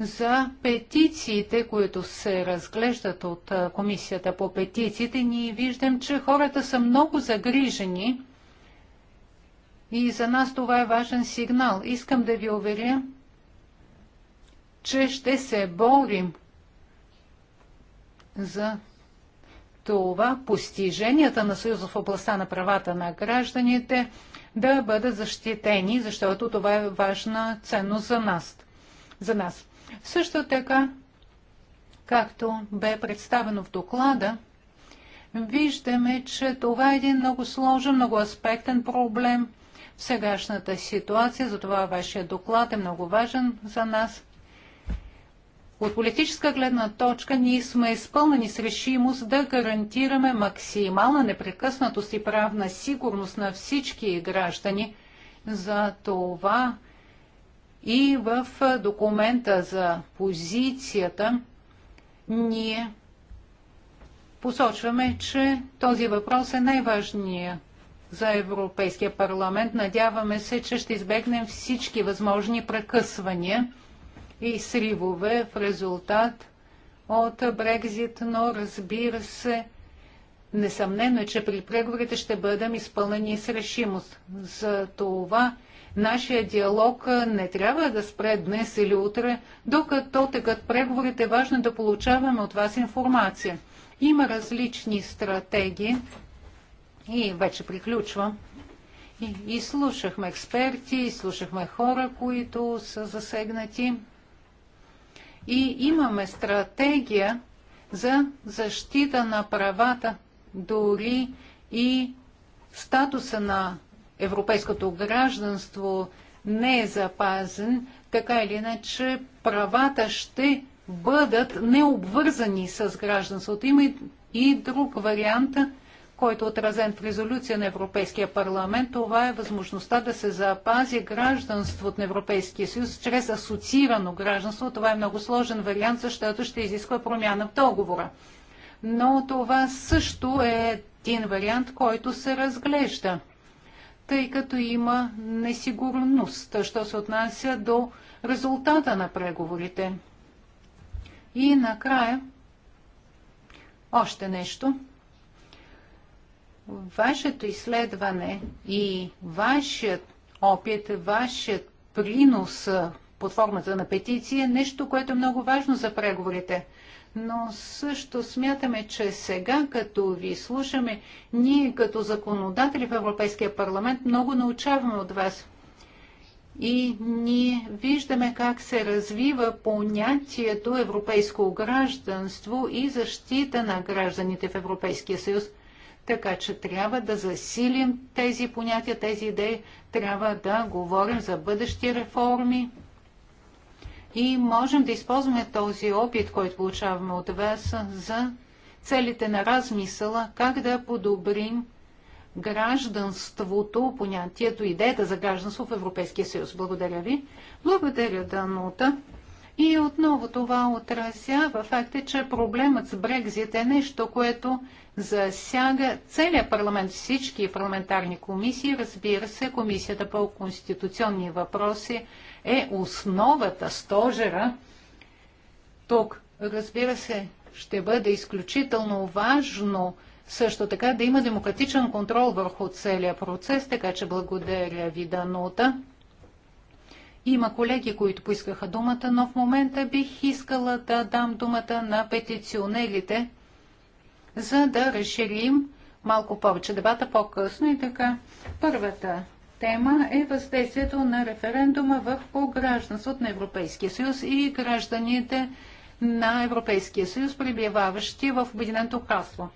за петициите, които се разглеждат от Комисията по петициите. Ние виждам, че хората са много загрижени и за нас това е важен сигнал. Искам да ви уверя, че ще се борим за това постиженията на Съюза в областта на правата на гражданите да бъдат защитени, защото това е важна ценност за нас. За нас. Също така, както бе представено в доклада, виждаме, че това е един много сложен, много аспектен проблем в сегашната ситуация, затова вашия доклад е много важен за нас. От политическа гледна точка ние сме изпълнени с решимост да гарантираме максимална непрекъснатост и правна сигурност на всички граждани. За това и в документа за позицията ние посочваме, че този въпрос е най-важният за Европейския парламент. Надяваме се, че ще избегнем всички възможни прекъсвания и сривове в резултат от Брекзит, но разбира се, несъмнено е, че при преговорите ще бъдем изпълнени с решимост. За това нашия диалог не трябва да спре днес или утре, докато тъкат преговорите е важно да получаваме от вас информация. Има различни стратегии и вече приключвам. И, и слушахме експерти, и слушахме хора, които са засегнати и имаме стратегия за защита на правата, дори и статуса на европейското гражданство не е запазен, така или иначе правата ще бъдат необвързани с гражданството. Има и друг вариант който е отразен в резолюция на Европейския парламент, това е възможността да се запази гражданство от Европейския съюз чрез асоциирано гражданство. Това е много сложен вариант, защото ще изисква промяна в договора. Но това също е един вариант, който се разглежда, тъй като има несигурност, що се отнася до резултата на преговорите. И накрая още нещо – вашето изследване и вашият опит, вашият принос под формата на петиция е нещо, което е много важно за преговорите. Но също смятаме, че сега, като ви слушаме, ние като законодатели в Европейския парламент много научаваме от вас. И ние виждаме как се развива понятието европейско гражданство и защита на гражданите в Европейския съюз – така че трябва да засилим тези понятия, тези идеи, трябва да говорим за бъдещи реформи и можем да използваме този опит, който получаваме от вас за целите на размисъла, как да подобрим гражданството, понятието, идеята за гражданство в Европейския съюз. Благодаря ви. Благодаря, Данута. И отново това отразява факта, че проблемът с Брекзит е нещо, което засяга целият парламент, всички парламентарни комисии. Разбира се, Комисията по конституционни въпроси е основата, стожера. Тук, разбира се, ще бъде изключително важно също така да има демократичен контрол върху целият процес, така че благодаря ви, Данута. Има колеги, които поискаха думата, но в момента бих искала да дам думата на петиционерите, за да разширим малко повече дебата по-късно. И така, първата тема е въздействието на референдума върху гражданството на Европейския съюз и гражданите на Европейския съюз, пребиваващи в Обединеното кралство.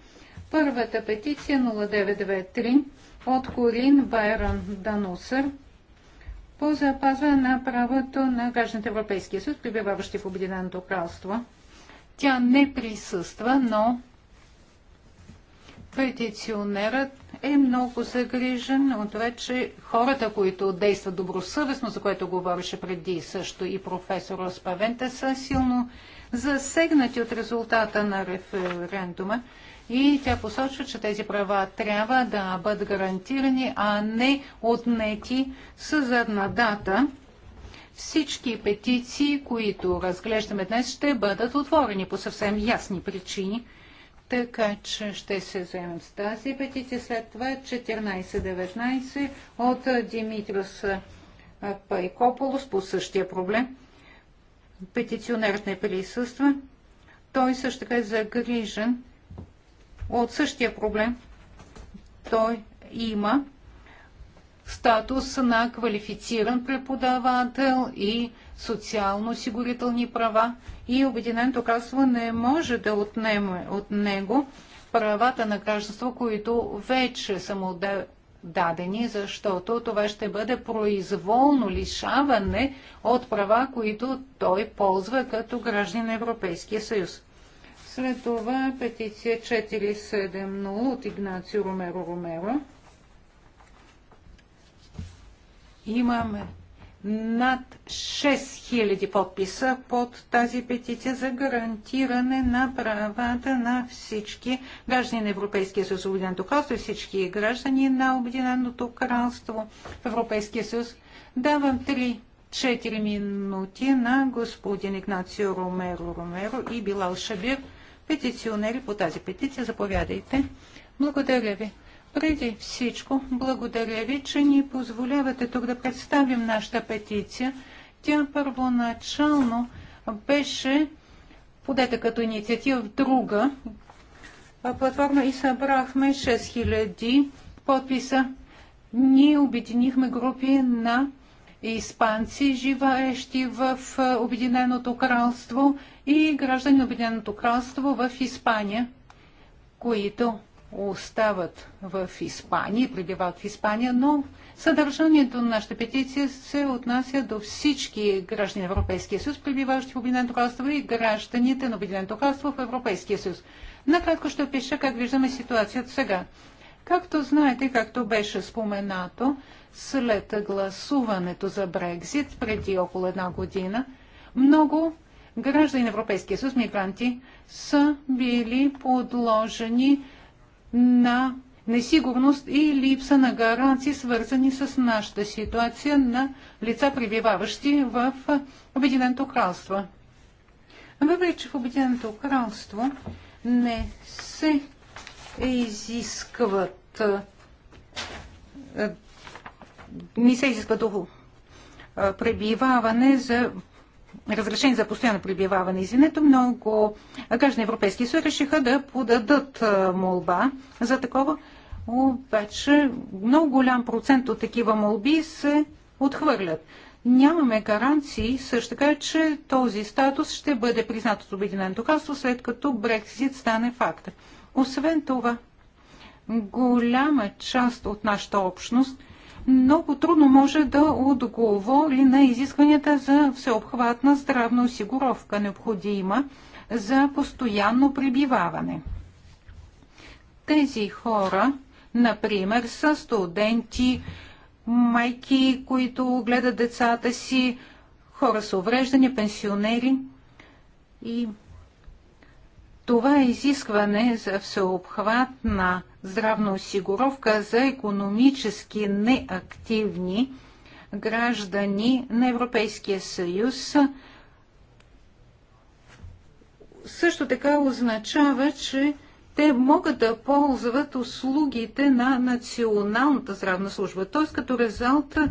Първата петиция 0993 е от Корин Байран Данусър – по запазване на правото на гражданите Европейския съюз, прибиваващи в Обединеното кралство. Тя не присъства, но петиционерът е много загрижен от това, че хората, които действат добросъвестно, за което говореше преди също и професор Оспавента, са силно засегнати от резултата на референдума и тя посочва, че тези права трябва да бъдат гарантирани, а не отнети с задна дата. Всички петиции, които разглеждаме днес, ще бъдат отворени по съвсем ясни причини. Така че ще се вземем с тази петиция. След това 14-19 от Димитрос Пайкополос по същия проблем. Петиционерът не присъства. Той също така е загрижен от същия проблем. Той има статус на квалифициран преподавател и социално-осигурителни права и Обединеното кралство не може да отнеме от него правата на гражданство, които вече са му дадени, защото това ще бъде произволно лишаване от права, които той ползва като граждан на Европейския съюз. След това петиция 470 от Игнацио Ромеро Ромеро. Имаме над 6000 подписа под тази петиция за гарантиране на правата на всички граждани на Европейския съюз, Обединеното кралство и всички граждани на Обединеното кралство в Европейския съюз. Давам 3-4 минути на господин Игнацио Ромеро Ромеро и Билал Шабир – петиционери по тази петиция. Заповядайте. Благодаря ви. Преди всичко, благодаря ви, че ни позволявате тук да представим нашата петиция. Тя първоначално беше подета като инициатива в друга платформа и събрахме 6000 подписа. Ние обединихме групи на испанци, живеещи в Обединеното кралство и граждани на Обединеното кралство в Испания, които остават в Испания, пребивават в Испания, но съдържанието на нашата петиция се отнася до всички граждани на Европейския съюз, пребиваващи в Обединеното кралство и гражданите на Обединеното кралство в Европейския съюз. Накратко ще опиша как виждаме ситуацията сега. Както знаете, както беше споменато, след гласуването за Брекзит преди около една година, много граждани на Европейския съюз, мигранти, са били подложени на несигурност и липса на гаранции, свързани с нашата ситуация на лица, пребиваващи в Обединеното кралство. Въпреки, че в Обединеното кралство не се изискват е, не се изисква е, пребиваване за разрешение за постоянно пребиваване. Извинете, много граждани Европейски съюз решиха да подадат е, молба за такова, обаче много голям процент от такива молби се отхвърлят. Нямаме гаранции също така, че този статус ще бъде признат от Обединеното кралство, след като Брексит стане факт. Освен това, голяма част от нашата общност много трудно може да отговори на изискванията за всеобхватна здравна осигуровка, необходима за постоянно пребиваване. Тези хора, например, са студенти, майки, които гледат децата си, хора с увреждане, пенсионери. И това е изискване за всеобхватна здравна осигуровка за економически неактивни граждани на Европейския съюз също така означава, че те могат да ползват услугите на Националната здравна служба. Т.е. като резултат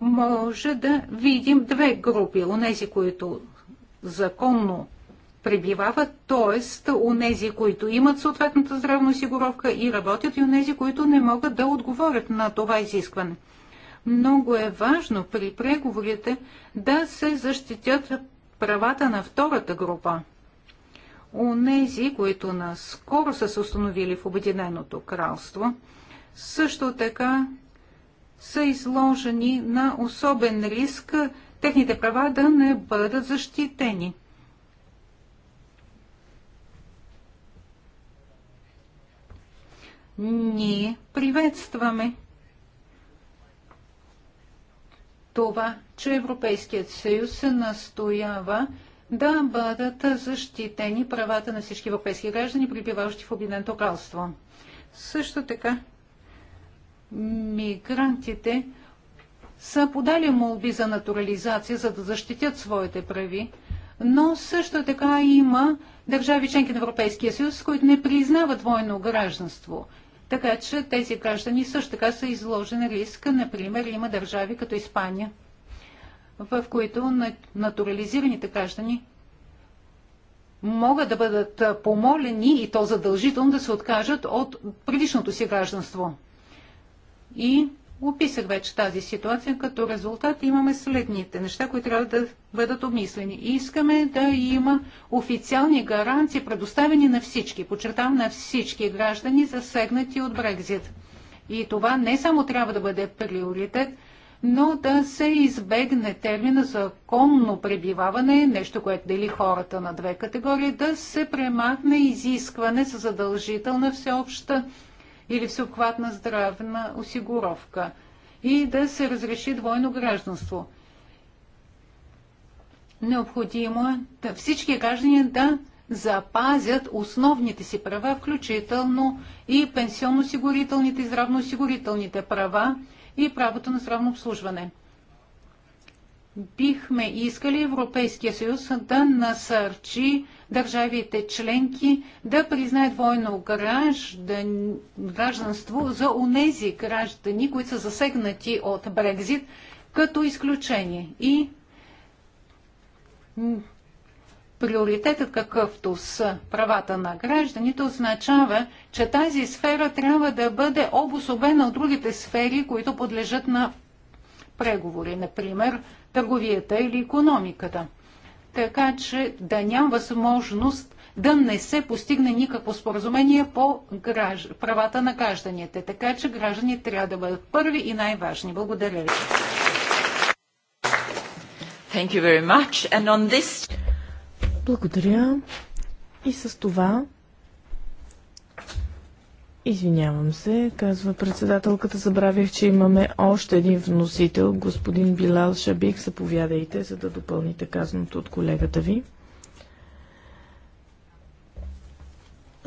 може да видим две групи. Онези, които законно пребивават, т.е. онези, които имат съответната здравна осигуровка и работят, и нези, които не могат да отговорят на това изискване. Много е важно при преговорите да се защитят правата на втората група. Онези, които наскоро са се установили в Обединеното кралство, също така са изложени на особен риск техните права да не бъдат защитени – Ние приветстваме това, че Европейският съюз се настоява да бъдат защитени правата на всички европейски граждани, прибиващи в Обединеното кралство. Също така, мигрантите са подали молби за натурализация, за да защитят своите прави, но също така има държави членки на Европейския съюз, които не признават двойно гражданство. Така че тези граждани също така са изложени риска. Например, има държави като Испания, в които натурализираните граждани могат да бъдат помолени и то задължително да се откажат от предишното си гражданство. И Описах вече тази ситуация. Като резултат имаме следните неща, които трябва да бъдат обмислени. Искаме да има официални гаранции, предоставени на всички, подчертавам на всички граждани, засегнати от Брекзит. И това не само трябва да бъде приоритет, но да се избегне термина законно пребиваване, нещо, което дели хората на две категории, да се премахне изискване за задължителна всеобща или всеобхватна здравна осигуровка и да се разреши двойно гражданство. Необходимо е да всички граждани да запазят основните си права, включително и пенсионно-осигурителните и здравно-осигурителните права и правото на здравно обслужване бихме искали Европейския съюз да насърчи държавите членки да признаят двойно граждан, гражданство за унези граждани, които са засегнати от Брекзит, като изключение. И приоритетът какъвто са правата на гражданите означава, че тази сфера трябва да бъде обособена от другите сфери, които подлежат на преговори. Например, търговията или економиката. Така че да няма възможност да не се постигне никакво споразумение по гражд... правата на гражданите. Така че гражданите трябва да бъдат първи и най-важни. Благодаря ви. Thank you very much. And on this... Благодаря. И с това Извинявам се, казва председателката. Забравях, че имаме още един вносител, господин Билал Шабик. Заповядайте, за да допълните казаното от колегата ви.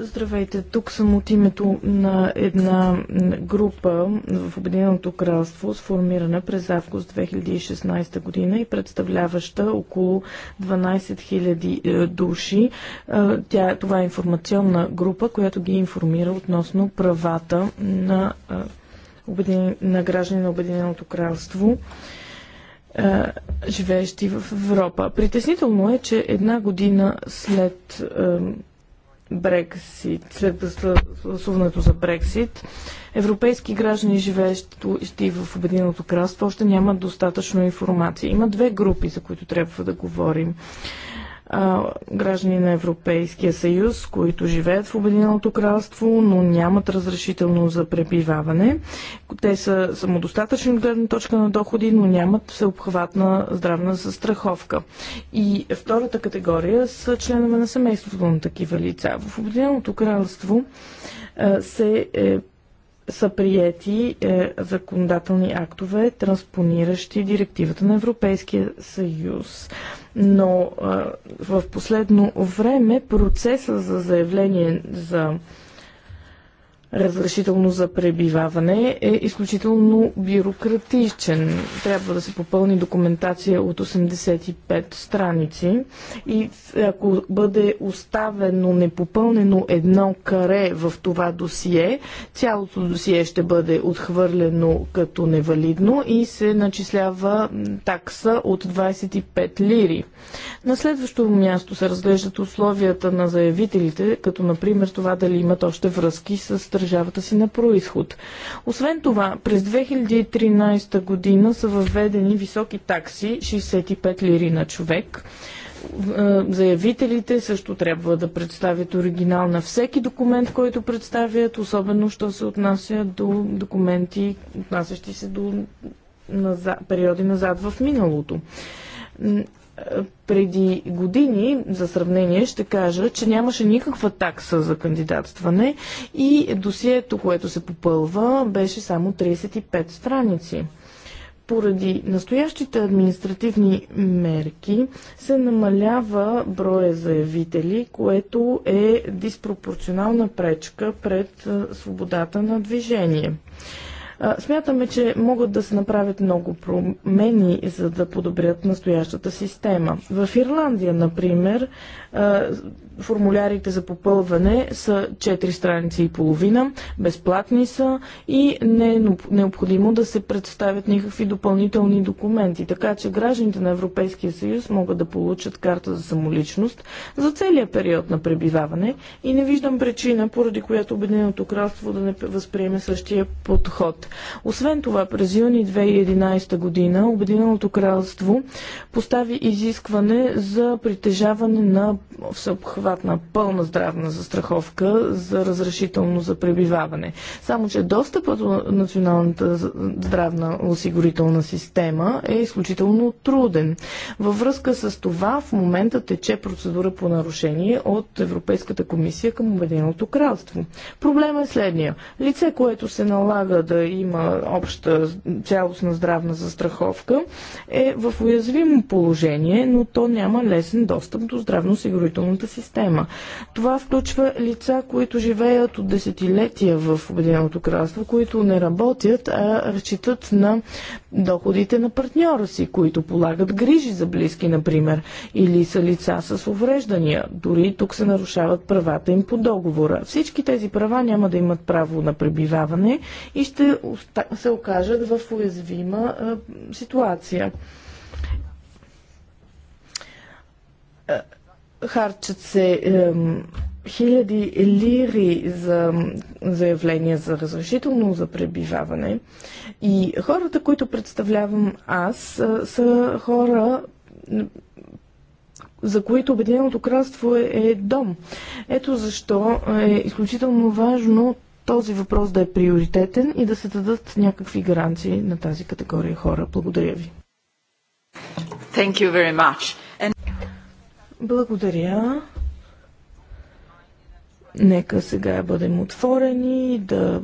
Здравейте, тук съм от името на една група в Обединеното кралство, сформирана през август 2016 година и представляваща около 12 000 е, души. Е, тя, това е информационна група, която ги информира относно правата на, е, на граждани на Обединеното кралство живеещи в Европа. Притеснително е, че една година след Брексит, след гласуването за Брексит, европейски граждани, живеещи в Обединеното кралство, още нямат достатъчно информация. Има две групи, за които трябва да говорим а, граждани на Европейския съюз, които живеят в Обединеното кралство, но нямат разрешително за пребиваване. Те са самодостатъчни от гледна точка на доходи, но нямат всеобхватна здравна застраховка. И втората категория са членове на семейството на такива лица. В Обединеното кралство се е са приети е, законодателни актове, транспониращи директивата на Европейския съюз. Но е, в последно време процеса за заявление за разрешително за пребиваване е изключително бюрократичен. Трябва да се попълни документация от 85 страници и ако бъде оставено непопълнено едно каре в това досие, цялото досие ще бъде отхвърлено като невалидно и се начислява такса от 25 лири. На следващо място се разглеждат условията на заявителите, като например това дали имат още връзки с държавата си на происход. Освен това, през 2013 година са въведени високи такси 65 лири на човек. Е, заявителите също трябва да представят оригинал на всеки документ, който представят, особено що се отнася до документи, отнасящи се до назад, периоди назад в миналото преди години, за сравнение, ще кажа, че нямаше никаква такса за кандидатстване и досието, което се попълва, беше само 35 страници. Поради настоящите административни мерки се намалява броя заявители, което е диспропорционална пречка пред свободата на движение. Смятаме, че могат да се направят много промени, за да подобрят настоящата система. В Ирландия, например, Формулярите за попълване са 4 страници и половина, безплатни са и не е необходимо да се представят никакви допълнителни документи, така че гражданите на Европейския съюз могат да получат карта за самоличност за целия период на пребиваване и не виждам причина, поради която Обединеното кралство да не възприеме същия подход. Освен това, през юни 2011 година Обединеното кралство постави изискване за притежаване на всеобхватно адекватна пълна здравна застраховка за разрешително за пребиваване. Само, че достъпът до националната здравна осигурителна система е изключително труден. Във връзка с това в момента тече процедура по нарушение от Европейската комисия към Обединеното кралство. Проблема е следния. Лице, което се налага да има обща цялостна здравна застраховка, е в уязвимо положение, но то няма лесен достъп до здравно-осигурителната система система. Това включва лица, които живеят от десетилетия в Обединеното кралство, които не работят, а разчитат на доходите на партньора си, които полагат грижи за близки, например, или са лица с увреждания. Дори тук се нарушават правата им по договора. Всички тези права няма да имат право на пребиваване и ще се окажат в уязвима ситуация. Харчат се хиляди лири за заявления за разрешително за пребиваване. И хората, които представлявам аз, е, са хора, за които Обединеното кралство е, е дом. Ето защо е изключително важно този въпрос да е приоритетен и да се дадат някакви гаранции на тази категория хора. Благодаря ви. Thank you very much. Благодаря. Нека сега бъдем отворени да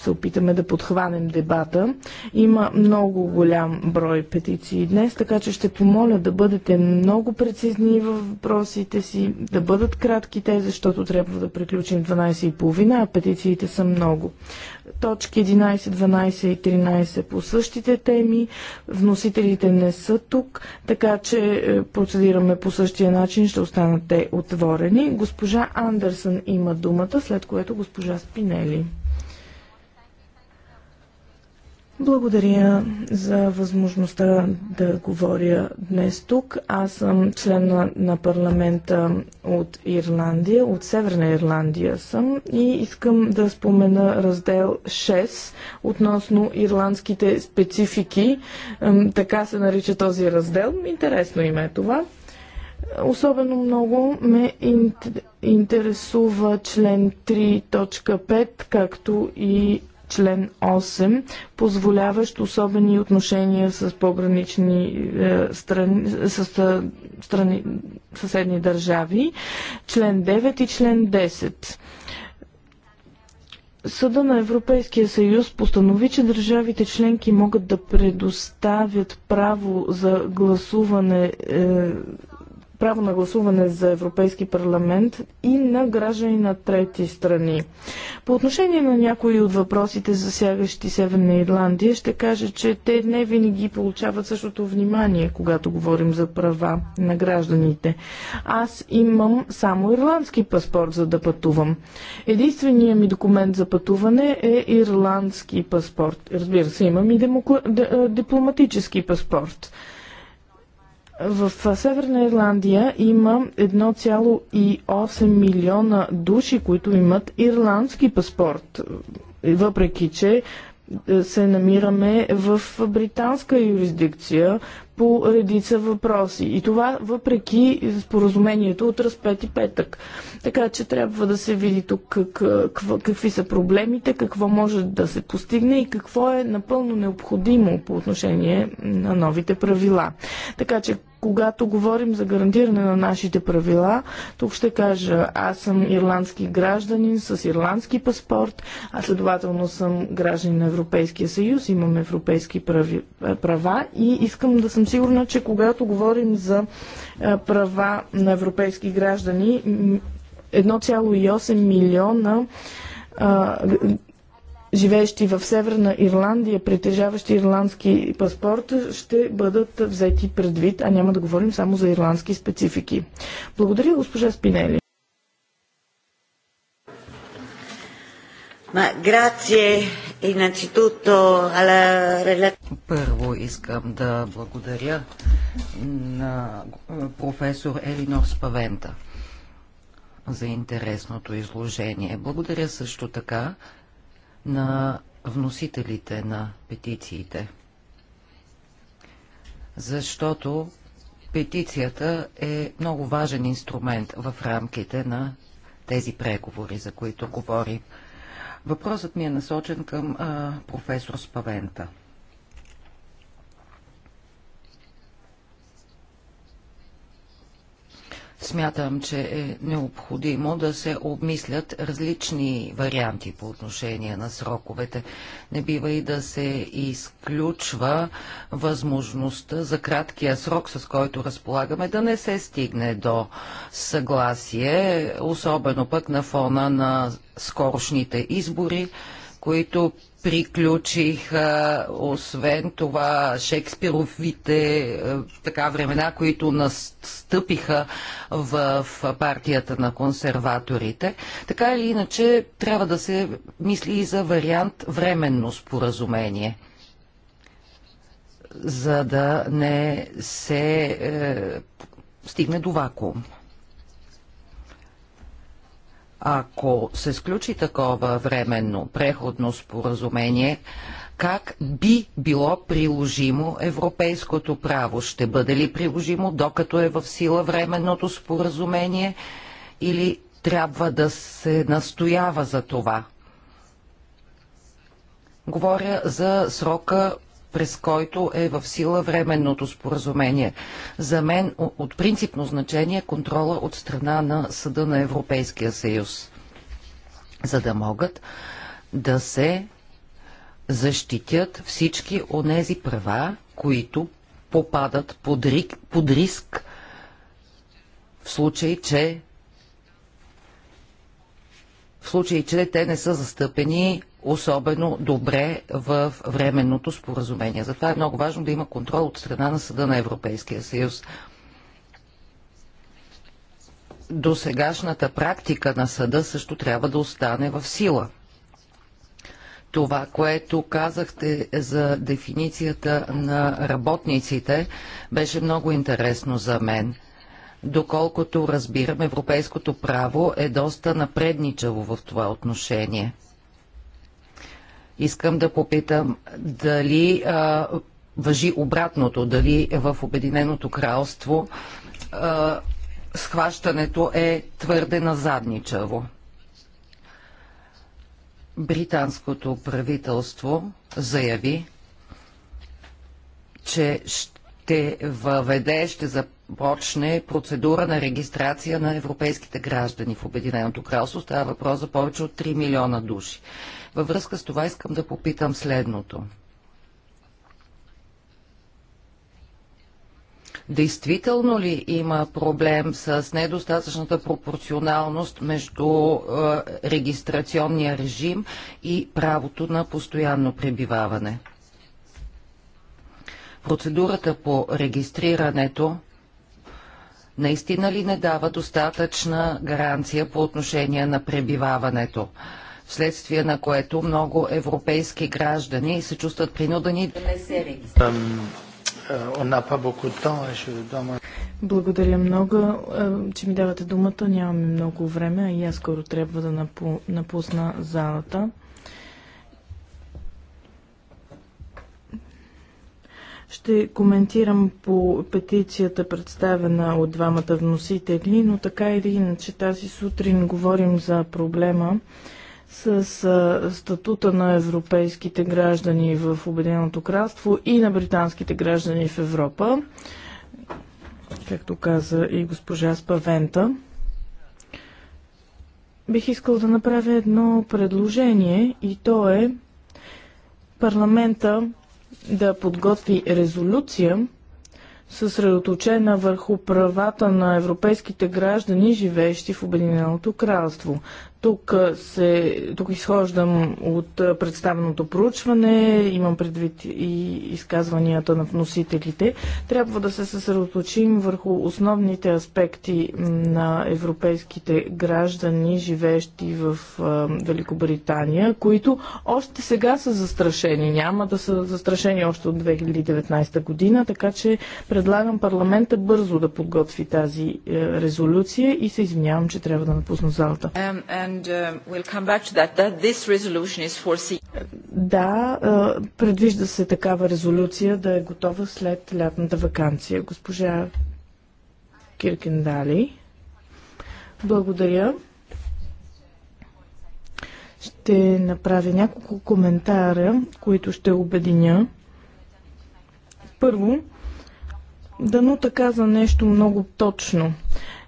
се опитаме да подхванем дебата. Има много голям брой петиции днес, така че ще помоля да бъдете много прецизни в въпросите си, да бъдат кратки те, защото трябва да приключим 12.30, а петициите са много. Точки 11, 12 и 13 по същите теми. Вносителите не са тук, така че е, процедираме по същия начин, ще останат те отворени. Госпожа Андерсън има думата, след което госпожа Спинели. Благодаря за възможността да говоря днес тук. Аз съм член на, на парламента от Ирландия, от Северна Ирландия съм и искам да спомена раздел 6 относно ирландските специфики. Така се нарича този раздел. Интересно име е това. Особено много ме интересува член 3.5, както и член 8, позволяващ особени отношения с погранични е, страни, с, е, страни, съседни държави, член 9 и член 10. Съда на Европейския съюз постанови, че държавите членки могат да предоставят право за гласуване е, право на гласуване за Европейски парламент и на граждани на трети страни. По отношение на някои от въпросите, засягащи Северна Ирландия, ще кажа, че те не винаги получават същото внимание, когато говорим за права на гражданите. Аз имам само ирландски паспорт, за да пътувам. Единственият ми документ за пътуване е ирландски паспорт. Разбира се, имам и дипломатически паспорт. В Северна Ирландия има 1,8 милиона души, които имат ирландски паспорт, е, въпреки че е, се намираме в британска юрисдикция по редица въпроси. И това въпреки споразумението от разпет и петък. Така че трябва да се види тук как, как, какви са проблемите, какво може да се постигне и какво е напълно необходимо по отношение на новите правила. Така че когато говорим за гарантиране на нашите правила, тук ще кажа, аз съм ирландски гражданин с ирландски паспорт, а следователно съм гражданин на Европейския съюз, имам европейски прави, права и искам да съм сигурна, че когато говорим за права на европейски граждани, 1,8 милиона живеещи в Северна Ирландия, притежаващи ирландски паспорт, ще бъдат взети предвид, а няма да говорим само за ирландски специфики. Благодаря, госпожа Спинели. Първо искам да благодаря на професор Елинор Спавента за интересното изложение. Благодаря също така на вносителите на петициите. Защото петицията е много важен инструмент в рамките на тези преговори, за които говорим. Въпросът ми е насочен към а, професор Спавента. Смятам, че е необходимо да се обмислят различни варианти по отношение на сроковете. Не бива и да се изключва възможността за краткия срок, с който разполагаме, да не се стигне до съгласие, особено пък на фона на скорошните избори, които приключиха, освен това, Шекспировите е, така времена, които настъпиха в партията на консерваторите. Така или иначе, трябва да се мисли и за вариант временно споразумение за да не се е, стигне до вакуум ако се сключи такова временно преходно споразумение, как би било приложимо европейското право? Ще бъде ли приложимо, докато е в сила временното споразумение или трябва да се настоява за това? Говоря за срока през който е в сила временното споразумение. За мен от принципно значение е контрола от страна на Съда на Европейския съюз, за да могат да се защитят всички онези права, които попадат под, рик, под риск в случай, че в случай, че те не са застъпени особено добре в временното споразумение. Затова е много важно да има контрол от страна на Съда на Европейския съюз. До сегашната практика на Съда също трябва да остане в сила. Това, което казахте за дефиницията на работниците, беше много интересно за мен – доколкото разбирам, европейското право е доста напредничаво в това отношение. Искам да попитам дали а, въжи обратното, дали в Обединеното кралство а, схващането е твърде назадничаво. Британското правителство заяви, че ще въведе, ще започне процедура на регистрация на европейските граждани в Обединеното кралство. Става въпрос за повече от 3 милиона души. Във връзка с това искам да попитам следното. Действително ли има проблем с недостатъчната пропорционалност между е, регистрационния режим и правото на постоянно пребиваване? Процедурата по регистрирането наистина ли не дава достатъчна гаранция по отношение на пребиваването? вследствие на което много европейски граждани се чувстват принудени да не се регистрират. Е, е, Благодаря много, е, че ми давате думата. Нямаме много време, а и аз скоро трябва да напусна залата. Ще коментирам по петицията, представена от двамата вносители, но така или иначе тази сутрин говорим за проблема с статута на европейските граждани в Обединеното кралство и на британските граждани в Европа, както каза и госпожа Спавента. Бих искал да направя едно предложение и то е парламента да подготви резолюция, съсредоточена върху правата на европейските граждани, живеещи в Обединеното кралство. Тук, се, тук изхождам от представеното проучване, имам предвид и изказванията на вносителите. Трябва да се съсредоточим върху основните аспекти на европейските граждани, живеещи в Великобритания, които още сега са застрашени. Няма да са застрашени още от 2019 година, така че предлагам парламента бързо да подготви тази резолюция и се извинявам, че трябва да напусна залата. Um, um, and uh, we'll come back to that, that this resolution is foreseen. Да, е, предвижда се такава резолюция да е готова след лятната вакансия. Госпожа Киркендали. Благодаря. Ще направя няколко коментара, които ще обединя. Първо, дано така за нещо много точно.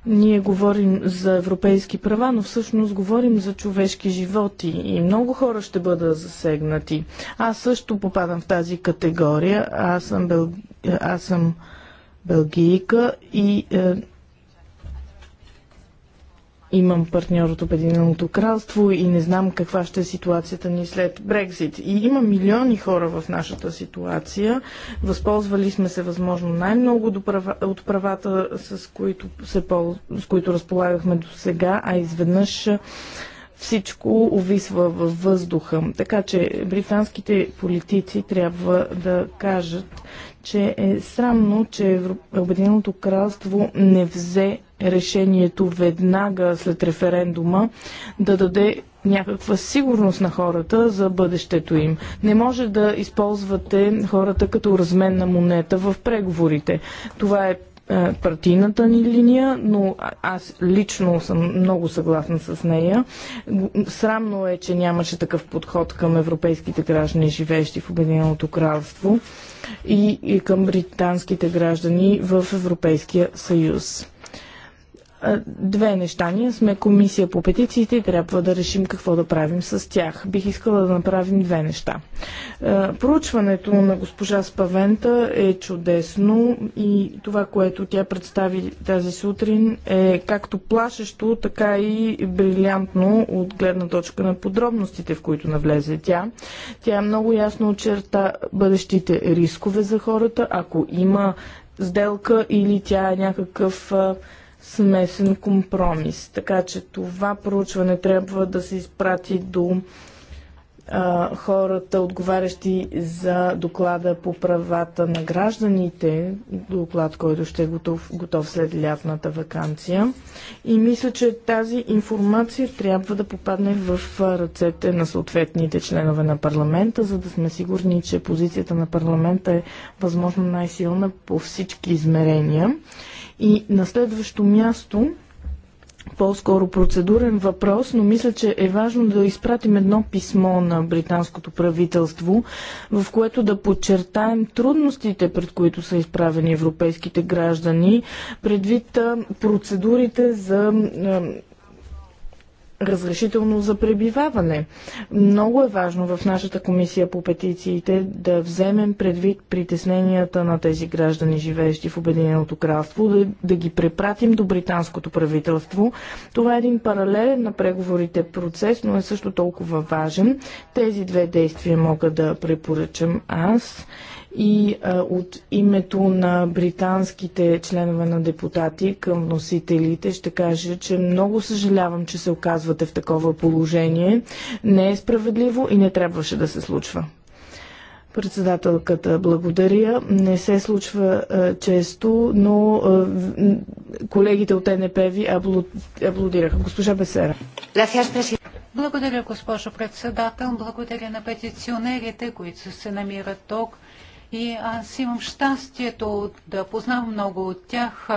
Ние говорим за европейски права, но всъщност говорим за човешки животи и много хора ще бъдат засегнати. Аз също попадам в тази категория. Аз съм, бел... Аз съм белгийка и е, имам партньор от Обединеното кралство и не знам каква ще е ситуацията ни след Брекзит. И има милиони хора в нашата ситуация. Възползвали сме се възможно най-много от правата, с които, се пол... с които разполагахме до сега, а изведнъж всичко увисва във въздуха. Така че британските политици трябва да кажат, че е срамно, че Обединеното кралство не взе решението веднага след референдума да даде някаква сигурност на хората за бъдещето им. Не може да използвате хората като разменна монета в преговорите. Това е е, партийната ни линия, но аз лично съм много съгласна с нея. Срамно е, че нямаше такъв подход към европейските граждани, живеещи в Обединеното кралство и, и към британските граждани в Европейския съюз две неща. Ние сме комисия по петициите и трябва да решим какво да правим с тях. Бих искала да направим две неща. Проучването на госпожа Спавента е чудесно и това, което тя представи тази сутрин е както плашещо, така и брилянтно от гледна точка на подробностите, в които навлезе тя. Тя много ясно очерта бъдещите рискове за хората, ако има сделка или тя е някакъв смесен компромис. Така че това проучване трябва да се изпрати до а, хората, отговарящи за доклада по правата на гражданите, доклад, който ще е готов, готов след лятната вакансия. И мисля, че тази информация трябва да попадне в ръцете на съответните членове на парламента, за да сме сигурни, че позицията на парламента е възможно най-силна по всички измерения. И на следващо място, по-скоро процедурен въпрос, но мисля, че е важно да изпратим едно писмо на британското правителство, в което да подчертаем трудностите, пред които са изправени европейските граждани, предвид процедурите за разрешително за пребиваване. Много е важно в нашата комисия по петициите да вземем предвид притесненията на тези граждани, живеещи в Обединеното кралство, да, да ги препратим до британското правителство. Това е един паралелен на преговорите процес, но е също толкова важен. Тези две действия мога да препоръчам аз и е, от името на британските членове на депутати към носителите ще кажа, че много съжалявам, че се оказвате в такова положение. Не е справедливо и не трябваше да се случва. Председателката благодаря. Не се случва а, е, често, но а, е, колегите от НП ви аплодираха. Госпожа Бесера. Благодаря, госпожо председател. Благодаря на петиционерите, които се намират тук. И аз имам щастието да познавам много от тях.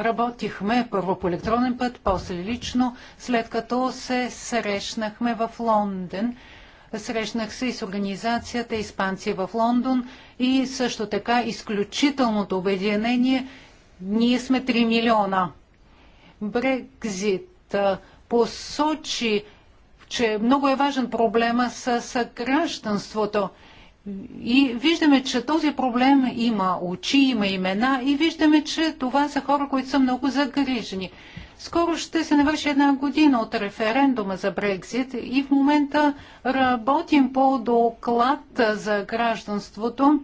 Работихме първо по електронен път, после лично, след като се срещнахме в Лондон. Срещнах се и с организацията Испанци в Лондон и също така изключителното обединение. Ние сме 3 милиона. Брекзит посочи, че много е важен проблема с гражданството – и виждаме, че този проблем има очи, има имена и виждаме, че това са хора, които са много загрижени. Скоро ще се навърши една година от референдума за Брекзит и в момента работим по доклад за гражданството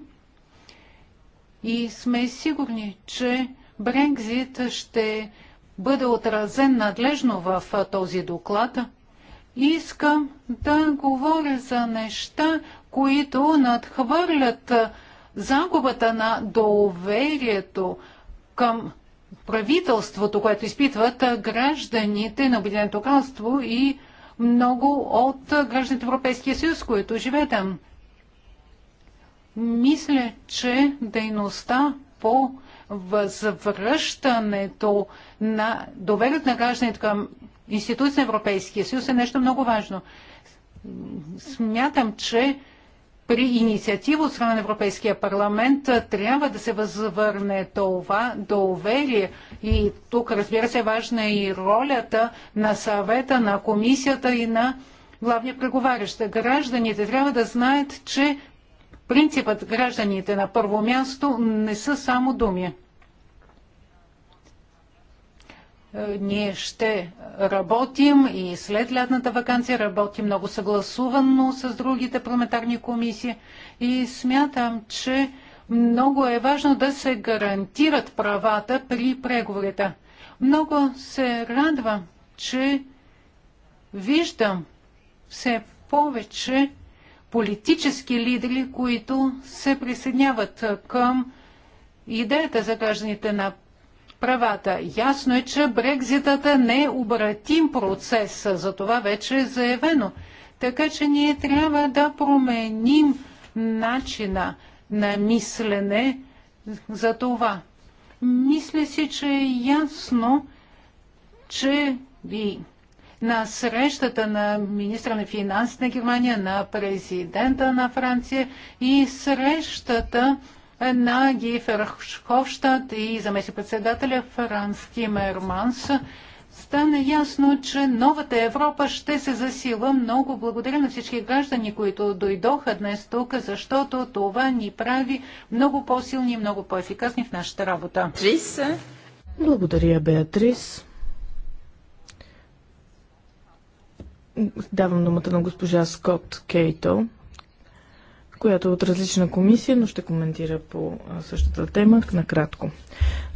и сме сигурни, че Брекзит ще бъде отразен надлежно в този доклад. Искам да говоря за неща, които надхвърлят загубата на доверието към правителството, което изпитват гражданите на Обединеното кралство и много от гражданите Европейския съюз, които живеят там. Мисля, че дейността по възвръщането на доверието на гражданите към институция на Европейския съюз е нещо много важно. Смятам, че при инициатива от страна на Европейския парламент трябва да се възвърне това доверие. И тук, разбира се, важна е и ролята на съвета, на комисията и на главния преговарящ. Гражданите трябва да знаят, че принципът гражданите на първо място не са само думи. Е, ние ще работим и след лятната вакансия работим много съгласувано с другите парламентарни комисии и смятам, че много е важно да се гарантират правата при преговорите. Много се радвам, че виждам все повече политически лидери, които се присъединяват към идеята за гражданите на правата. Ясно е, че Брекзитът е необратим процес, за това вече е заявено. Така че ние трябва да променим начина на мислене за това. Мисля си, че е ясно, че и на срещата на министра на финансите на Германия, на президента на Франция и срещата на Ги Ферховщад и заместник-председателя Франс Тимерманс, стана ясно, че новата Европа ще се засила. Много благодаря на всички граждани, които дойдоха днес тук, защото това ни прави много по-силни и много по-ефикасни в нашата работа. Трис. Е? Благодаря, Беатрис. Давам думата на госпожа Скот Кейто която е от различна комисия, но ще коментира по същата тема накратко.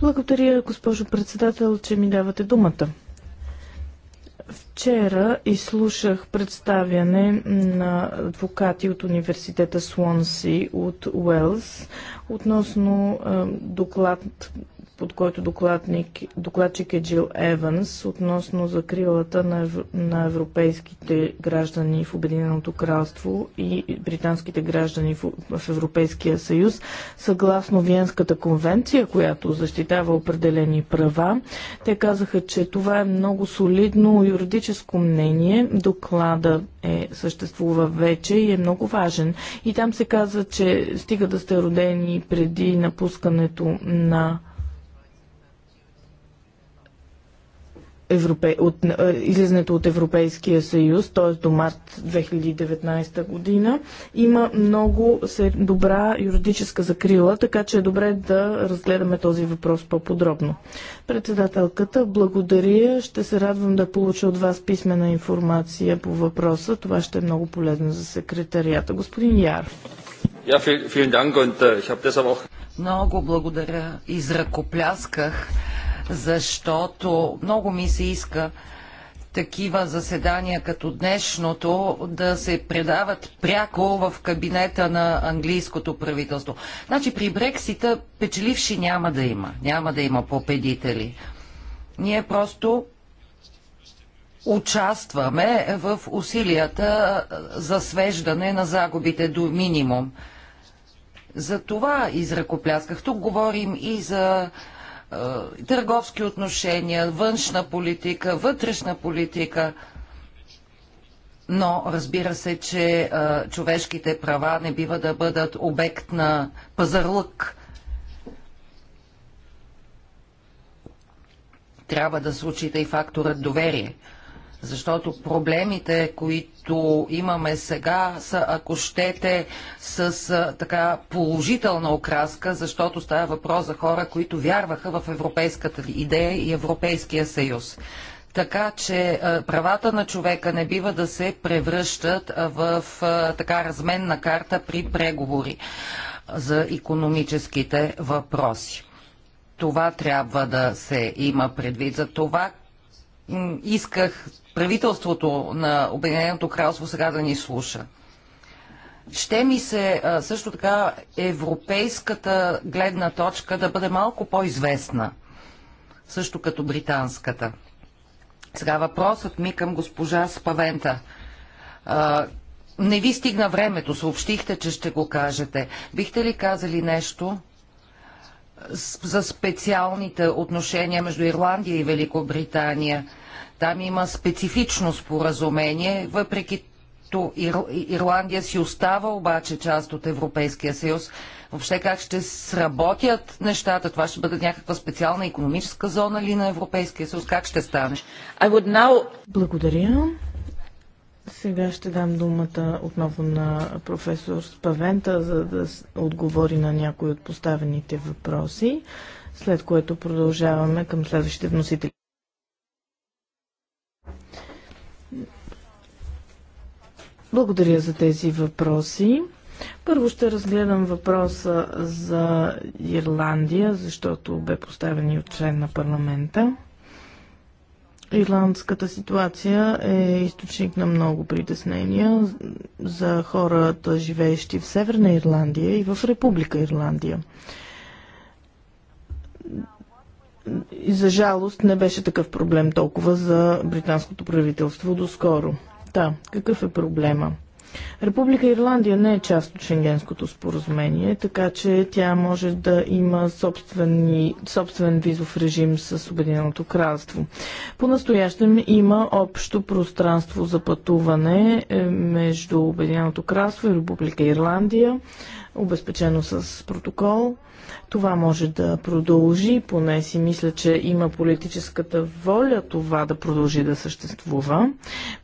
Благодаря, госпожо председател, че ми давате думата. Вчера изслушах представяне на адвокати от университета Слонси от Уелс относно доклад под който докладчик е Джил Еванс относно закрилата на, на европейските граждани в Обединеното кралство и британските граждани в, в Европейския съюз, съгласно Виенската конвенция, която защитава определени права. Те казаха, че това е много солидно юридическо мнение. Доклада е, съществува вече и е много важен. И там се каза, че стига да сте родени преди напускането на Европе... от е, излизането от Европейския съюз, т.е. до март 2019 година, има много добра юридическа закрила, така че е добре да разгледаме този въпрос по-подробно. Председателката, благодаря. Ще се радвам да получа от вас писмена информация по въпроса. Това ще е много полезно за секретарията. Господин Яр. Ja, vielen Dank und äh, ich auch... Много благодаря. Изракоплясках защото много ми се иска такива заседания като днешното да се предават пряко в кабинета на английското правителство. Значи при Брексита печеливши няма да има. Няма да има победители. Ние просто участваме в усилията за свеждане на загубите до минимум. За това изръкоплясках. Тук говорим и за търговски отношения, външна политика, вътрешна политика. Но разбира се, че а, човешките права не бива да бъдат обект на пазарлък. Трябва да случите и факторът доверие – защото проблемите, които имаме сега, са, ако щете, с така положителна окраска, защото става въпрос за хора, които вярваха в европейската идея и Европейския съюз. Така че правата на човека не бива да се превръщат в така разменна карта при преговори за економическите въпроси. Това трябва да се има предвид за това исках правителството на Обединеното кралство сега да ни слуша. Ще ми се също така европейската гледна точка да бъде малко по-известна, също като британската. Сега въпросът ми към госпожа Спавента. Не ви стигна времето, съобщихте, че ще го кажете. Бихте ли казали нещо за специалните отношения между Ирландия и Великобритания. Там има специфично споразумение, въпреки то Ир... Ирландия си остава обаче част от Европейския съюз. Въобще как ще сработят нещата? Това ще бъде някаква специална економическа зона ли на Европейския съюз? Как ще стане? Now... Благодаря. Сега ще дам думата отново на професор Спавента, за да отговори на някои от поставените въпроси, след което продължаваме към следващите вносители. Благодаря за тези въпроси. Първо ще разгледам въпроса за Ирландия, защото бе поставен и от член на парламента. Ирландската ситуация е източник на много притеснения за хората, живеещи в Северна Ирландия и в Република Ирландия. И за жалост не беше такъв проблем толкова за британското правителство доскоро. Та, да, какъв е проблема? Република Ирландия не е част от Шенгенското споразумение, така че тя може да има собствени, собствен визов режим с Обединеното кралство. По-настоящем има общо пространство за пътуване е, между Обединеното кралство и Република Ирландия обезпечено с протокол. Това може да продължи, поне си мисля, че има политическата воля това да продължи да съществува.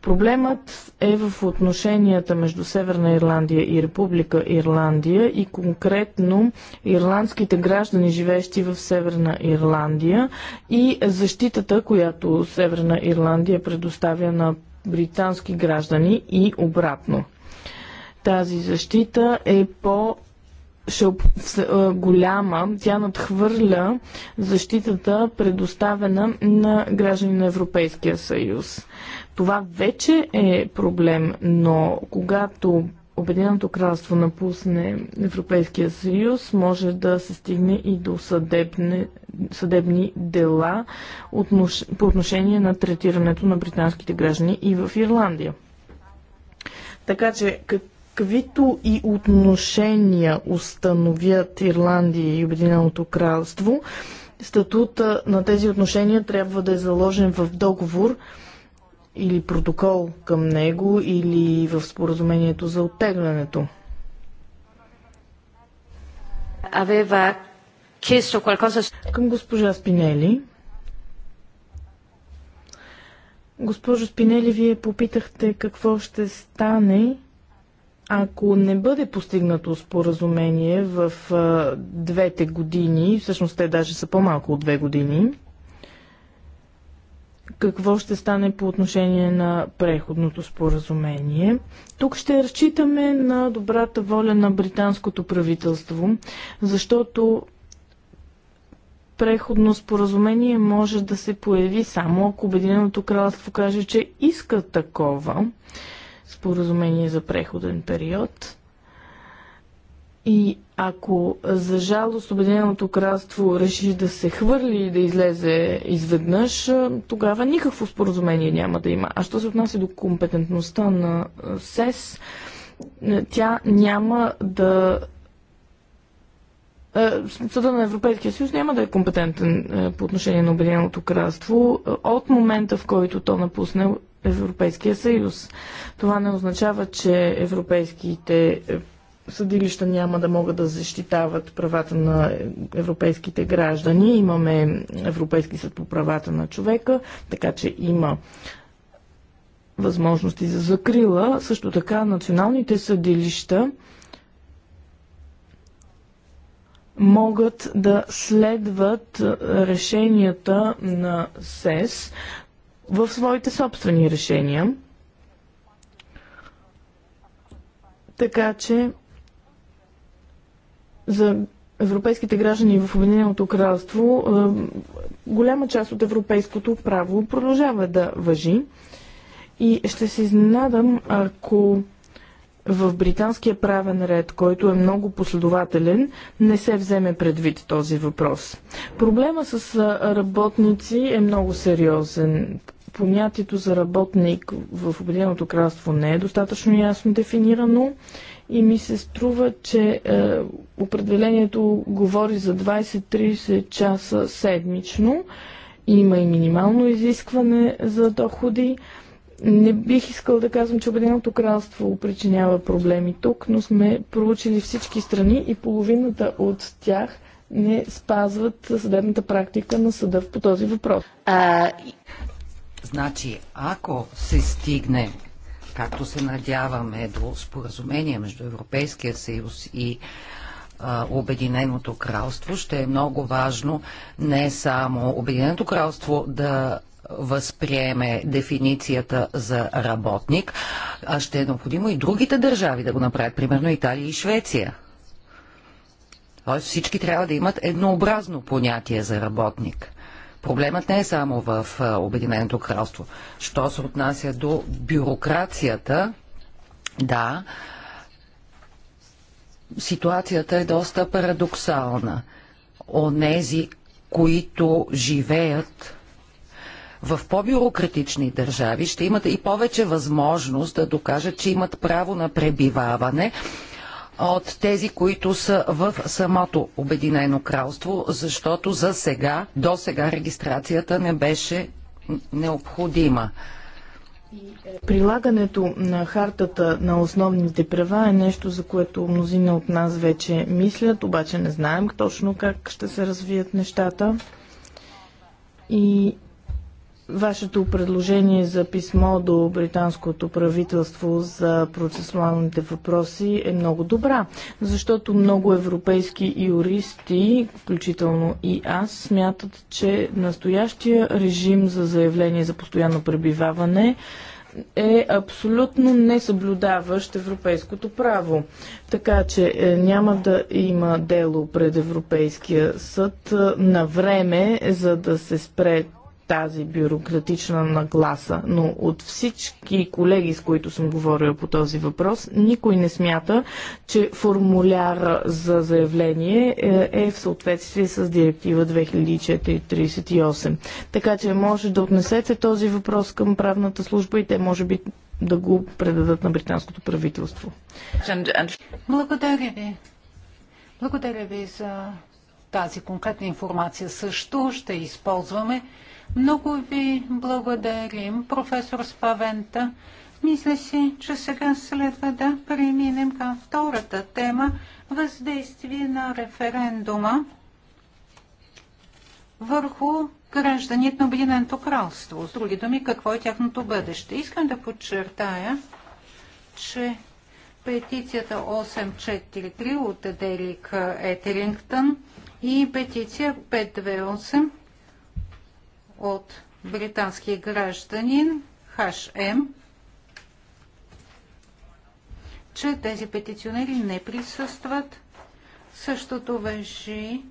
Проблемът е в отношенията между Северна Ирландия и Република Ирландия и конкретно ирландските граждани, живеещи в Северна Ирландия и защитата, която Северна Ирландия предоставя на британски граждани и обратно. Тази защита е по голяма, тя надхвърля защитата предоставена на граждани на Европейския съюз. Това вече е проблем, но когато Обединеното кралство напусне Европейския съюз, може да се стигне и до съдебни, съдебни дела отнош, по отношение на третирането на британските граждани и в Ирландия. Така че, като каквито и отношения установят Ирландия и Обединеното кралство, статута на тези отношения трябва да е заложен в договор или протокол към него или в споразумението за оттеглянето. Към госпожа Спинели. Госпожо Спинели, вие попитахте какво ще стане ако не бъде постигнато споразумение в двете години, всъщност те даже са по-малко от две години, какво ще стане по отношение на преходното споразумение. Тук ще разчитаме на добрата воля на британското правителство, защото преходно споразумение може да се появи само ако Обединеното кралство каже, че иска такова споразумение за преходен период. И ако за жалост Обединеното кралство реши да се хвърли и да излезе изведнъж, тогава никакво споразумение няма да има. А що се отнася до компетентността на СЕС, тя няма да. Съда на Европейския съюз няма да е компетентен по отношение на Обединеното кралство от момента, в който то напусне Европейския съюз. Това не означава, че европейските е, съдилища няма да могат да защитават правата на европейските граждани. Имаме Европейски съд по правата на човека, така че има възможности за закрила. Също така националните съдилища могат да следват решенията на СЕС в своите собствени решения. Така че за европейските граждани в Обединеното кралство е, голяма част от европейското право продължава да въжи. И ще се изненадам, ако в британския правен ред, който е много последователен, не се вземе предвид този въпрос. Проблема с работници е много сериозен понятието за работник в Обединеното кралство не е достатъчно ясно дефинирано и ми се струва, че е, определението говори за 20-30 часа седмично. Има и минимално изискване за доходи. Не бих искал да казвам, че Обединеното кралство причинява проблеми тук, но сме проучили всички страни и половината от тях не спазват съдебната практика на съда по този въпрос. А... Значи, ако се стигне, както се надяваме, до споразумение между Европейския съюз и Обединеното кралство, ще е много важно не само Обединеното кралство да възприеме дефиницията за работник, а ще е необходимо и другите държави да го направят, примерно Италия и Швеция. Тоест всички трябва да имат еднообразно понятие за работник. Проблемът не е само в Обединеното кралство. Що се отнася до бюрокрацията, да, ситуацията е доста парадоксална. Онези, които живеят в по-бюрократични държави ще имат и повече възможност да докажат, че имат право на пребиваване от тези, които са в самото Обединено кралство, защото за сега, до сега регистрацията не беше необходима. Прилагането на хартата на основните права е нещо, за което мнозина от нас вече мислят, обаче не знаем точно как ще се развият нещата. И вашето предложение за писмо до британското правителство за процесуалните въпроси е много добра, защото много европейски юристи, включително и аз, смятат, че настоящия режим за заявление за постоянно пребиваване е абсолютно несъблюдаващ европейското право. Така че е, няма да има дело пред Европейския съд е, на време, за да се спре тази бюрократична нагласа, но от всички колеги, с които съм говорила по този въпрос, никой не смята, че формуляр за заявление е, е в съответствие с директива 2438. Така че може да отнесете този въпрос към правната служба и те може би да го предадат на британското правителство. Благодаря ви. Благодаря ви за тази конкретна информация. Също ще използваме много ви благодарим, професор Спавента. Мисля си, че сега следва да преминем към втората тема – въздействие на референдума върху гражданите на Обединеното кралство. С други думи, какво е тяхното бъдеще. Искам да подчертая, че петицията 843 от Дерик Етерингтън и петиция 528 от британски гражданин HM, че тези петиционери не присъстват. Същото въжи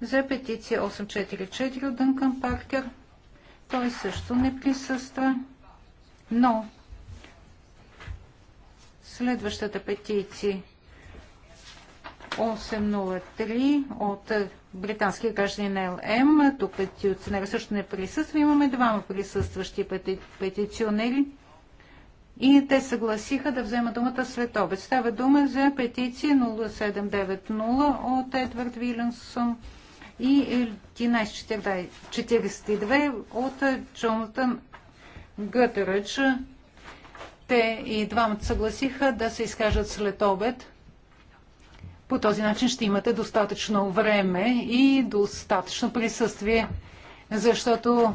за петиция 844 от Дънкан Паркер. Той също не присъства, но следващата петиция 803 от британския гражданин ЛМ. Тук петиционера също не присъства. Имаме двама присъстващи петиционери. И те съгласиха да вземат думата след обед. Става дума за петиция 0790 от Едвард Вилянсон и 1142 от Джонатан Гътеръч. Те и двамата съгласиха да се изкажат след обед. По този начин ще имате достатъчно време и достатъчно присъствие, защото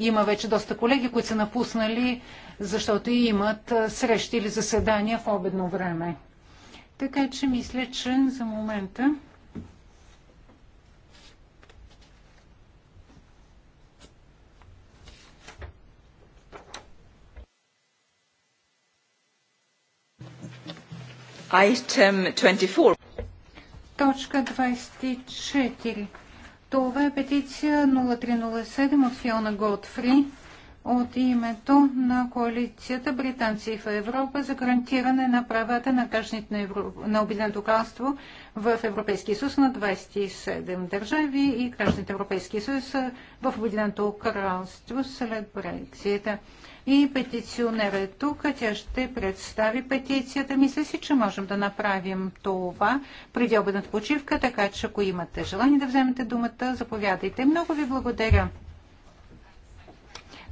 има вече доста колеги, които са напуснали, защото имат срещи или заседания в обедно време. Така че мисля, че за момента Точка 24. Това е петиция 0307 от Фиона Готфри от името на коалицията Британци в Европа за гарантиране на правата на гражданите на, Евро... на Обединеното кралство в Европейския съюз на 27 държави и гражданите Европейския съюз в Обединеното кралство след Брексита и петиционер е тук. Тя ще представи петицията. Мисля си, че можем да направим това преди обедната почивка, така че ако имате желание да вземете думата, заповядайте. Много ви благодаря.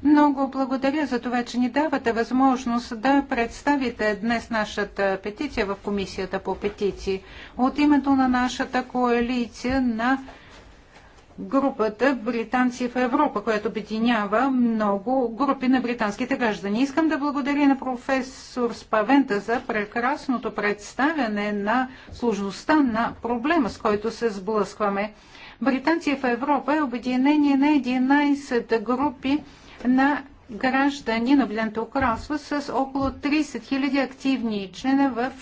Много благодаря за това, че ни давате възможност да представите днес нашата петиция в Комисията по петиции. От името на нашата коалиция на групата Британци в Европа, която обединява много групи на британските граждани. Искам да благодаря на професор Спавента за прекрасното представяне на сложността на проблема, с който се сблъскваме. Британци в Европа е обединение на 11 групи на граждани на Обединеното кралство с около 30 000 активни члена в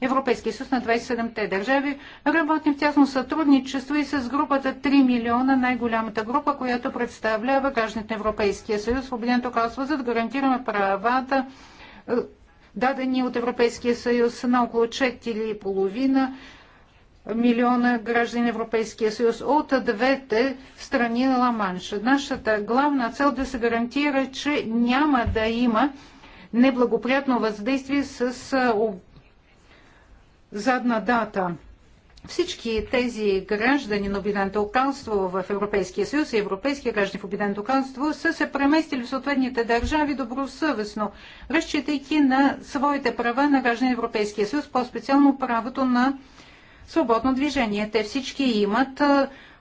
Европейския съюз на 27-те държави. Работим в тясно сътрудничество и с групата 3 милиона, най-голямата група, която представлява гражданите на Европейския съюз в Обединеното кралство, за да гарантираме правата дадени от Европейския съюз на около 4,5 милиона граждани Европейския съюз от двете страни на Ламанша. Нашата главна цел е да се гарантира, че няма да има неблагоприятно въздействие с задна дата. Всички тези граждани на обиденто кралство в Европейския съюз и европейски граждани в обиденто кралство са се преместили в съответните държави добросъвестно, разчитайки на своите права на граждани Европейския съюз, по-специално правото на свободно движение. Те всички имат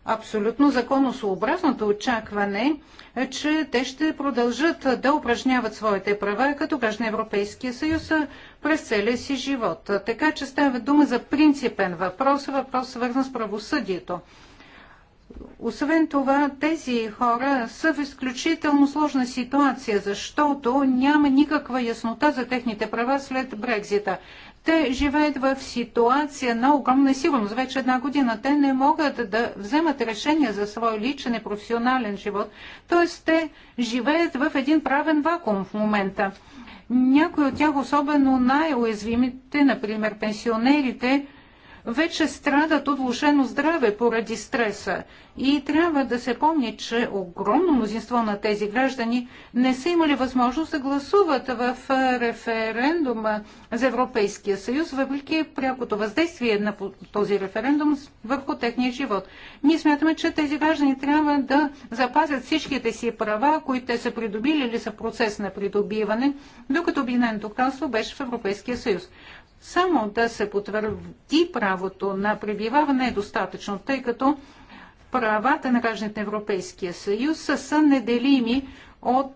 абсолютно законосообразното очакване, е, че те ще продължат да упражняват своите права като граждани Европейския съюз през целия си живот. Така че става дума за принципен въпрос, въпрос свързан с правосъдието. Освен това, тези хора са в изключително сложна ситуация, защото няма никаква яснота за техните права след Брекзита те живеят в ситуация на огромна сигурност. Вече една година те не могат да вземат решения за свой личен и професионален живот. Т.е. те живеят в един правен вакуум в момента. Някои от тях, особено най-уязвимите, например пенсионерите, вече страдат от влушено здраве поради стреса. И трябва да се помни, че огромно мнозинство на тези граждани не са имали възможност да гласуват в референдума за Европейския съюз, въпреки прякото въздействие на този референдум върху техния живот. Ние смятаме, че тези граждани трябва да запазят всичките си права, които те са придобили или са процес на придобиване, докато Обединеното кралство беше в Европейския съюз. Само да се потвърди правото на пребиваване е достатъчно, тъй като правата на гражданите на Европейския съюз са, са неделими от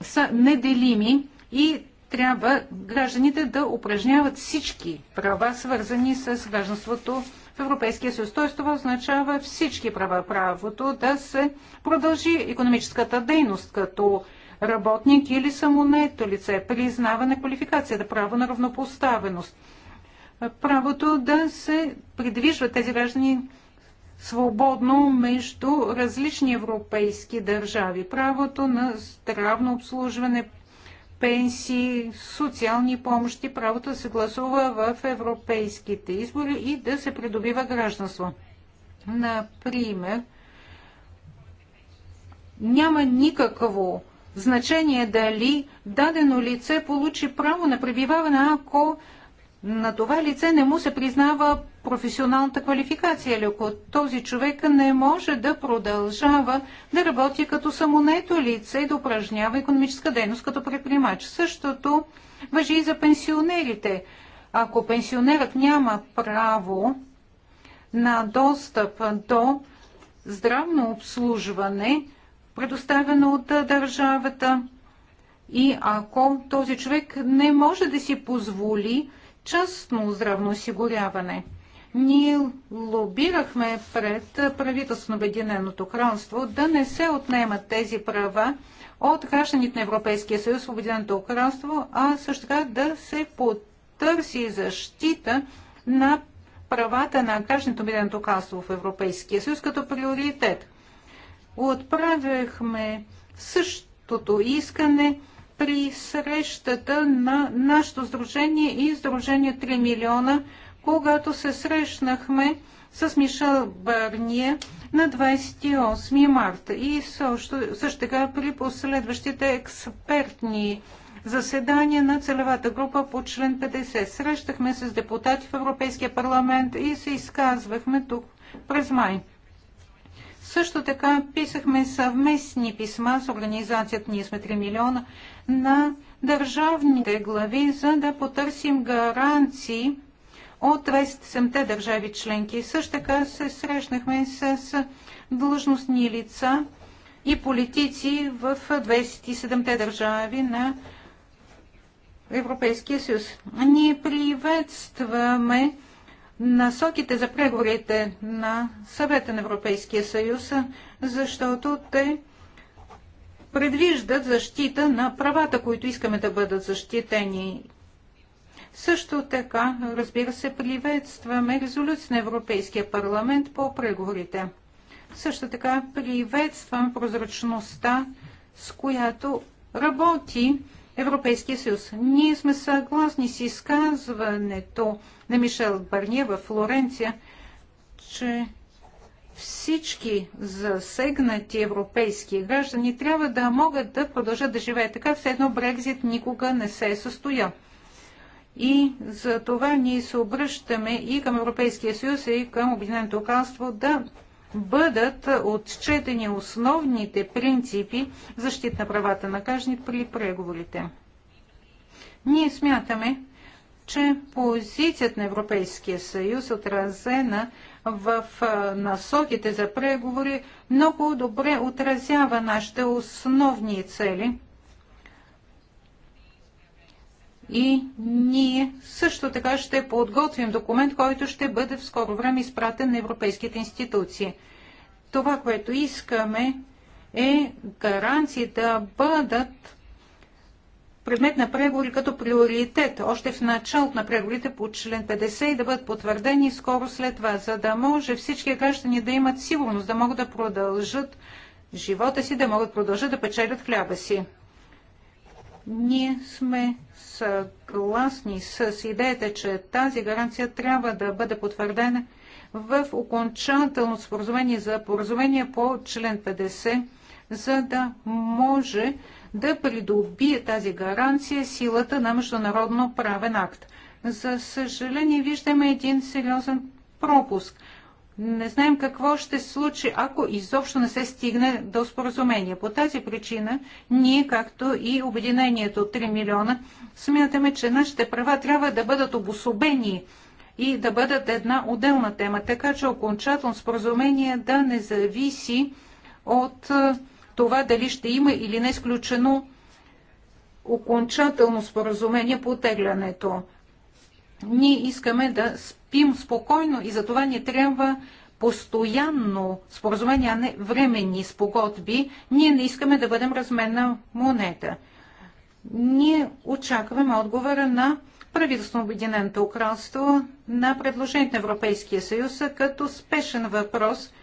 са неделими и трябва гражданите да упражняват всички права, свързани с гражданството в Европейския съюз. Т.е. това означава всички права. Правото да се продължи економическата дейност като работник или самонето лице, признаване квалификацията, право на равнопоставеност, правото да се придвижват тези граждани свободно между различни европейски държави, правото на здравно обслужване, пенсии, социални помощи, правото да се гласува в европейските избори и да се придобива гражданство. Например, няма никакво значение е дали дадено лице получи право на пребиваване, ако на това лице не му се признава професионалната квалификация или ако този човек не може да продължава да работи като самонето лице и да упражнява економическа дейност като предприемач. Същото въжи и за пенсионерите. Ако пенсионерът няма право на достъп до здравно обслужване, предоставено от държавата. И ако този човек не може да си позволи частно здравно осигуряване, ние лобирахме пред правителството на Обединеното кралство да не се отнемат тези права от гражданите на Европейския съюз в Обединеното кралство, а също така да се потърси защита на правата на гражданите на Обединеното кралство в Европейския съюз като приоритет отправяхме същото искане при срещата на нашето сдружение и сдружение 3 милиона, когато се срещнахме с Мишел Барния на 28 марта и също, също така при последващите експертни заседания на целевата група по член 50. Срещахме се с депутати в Европейския парламент и се изказвахме тук през май. Също така писахме съвместни писма с организацията Ние сме 3 милиона на държавните глави, за да потърсим гаранции от 27-те държави членки. Също така се срещнахме с длъжностни лица и политици в 27-те държави на Европейския съюз. Ние приветстваме насоките за преговорите на съвета на Европейския съюз, защото те предвиждат защита на правата, които искаме да бъдат защитени. Също така, разбира се, приветстваме резолюция на Европейския парламент по преговорите. Също така приветствам прозрачността, с която работи Европейския съюз. Ние сме съгласни с изказването на Мишел Барне в Флоренция, че всички засегнати европейски граждани трябва да могат да продължат да живеят така, все едно Брекзит никога не се е състоял. И за това ние се обръщаме и към Европейския съюз, и към Обединеното кралство да бъдат отчетени основните принципи защита на правата на гражданите при преговорите. Ние смятаме, че позицията на Европейския съюз, е отразена в насоките за преговори, много добре отразява нашите основни цели. И ние също така ще подготвим документ, който ще бъде в скоро време изпратен на европейските институции. Това, което искаме е гаранции да бъдат предмет на преговори като приоритет още в началото на преговорите по член 50 и да бъдат потвърдени скоро след това, за да може всички граждани да имат сигурност, да могат да продължат живота си, да могат да продължат да печелят хляба си. Ние сме съгласни с идеята, че тази гаранция трябва да бъде потвърдена в окончателно споразумение за поразумение по член 50 за да може да придобие тази гаранция силата на международно правен акт. За съжаление, виждаме един сериозен пропуск. Не знаем какво ще се случи, ако изобщо не се стигне до споразумение. По тази причина ние, както и Обединението 3 милиона, смятаме, че нашите права трябва да бъдат обособени и да бъдат една отделна тема, така че окончателно споразумение да не зависи от това дали ще има или не изключено окончателно споразумение по оттеглянето. Ние искаме да спим спокойно и за това ни трябва постоянно споразумение, а не временни спогодби. Ние не искаме да бъдем разменна монета. Ние очакваме отговора на правителство на Обединеното кралство на предложението на Европейския съюз като спешен въпрос –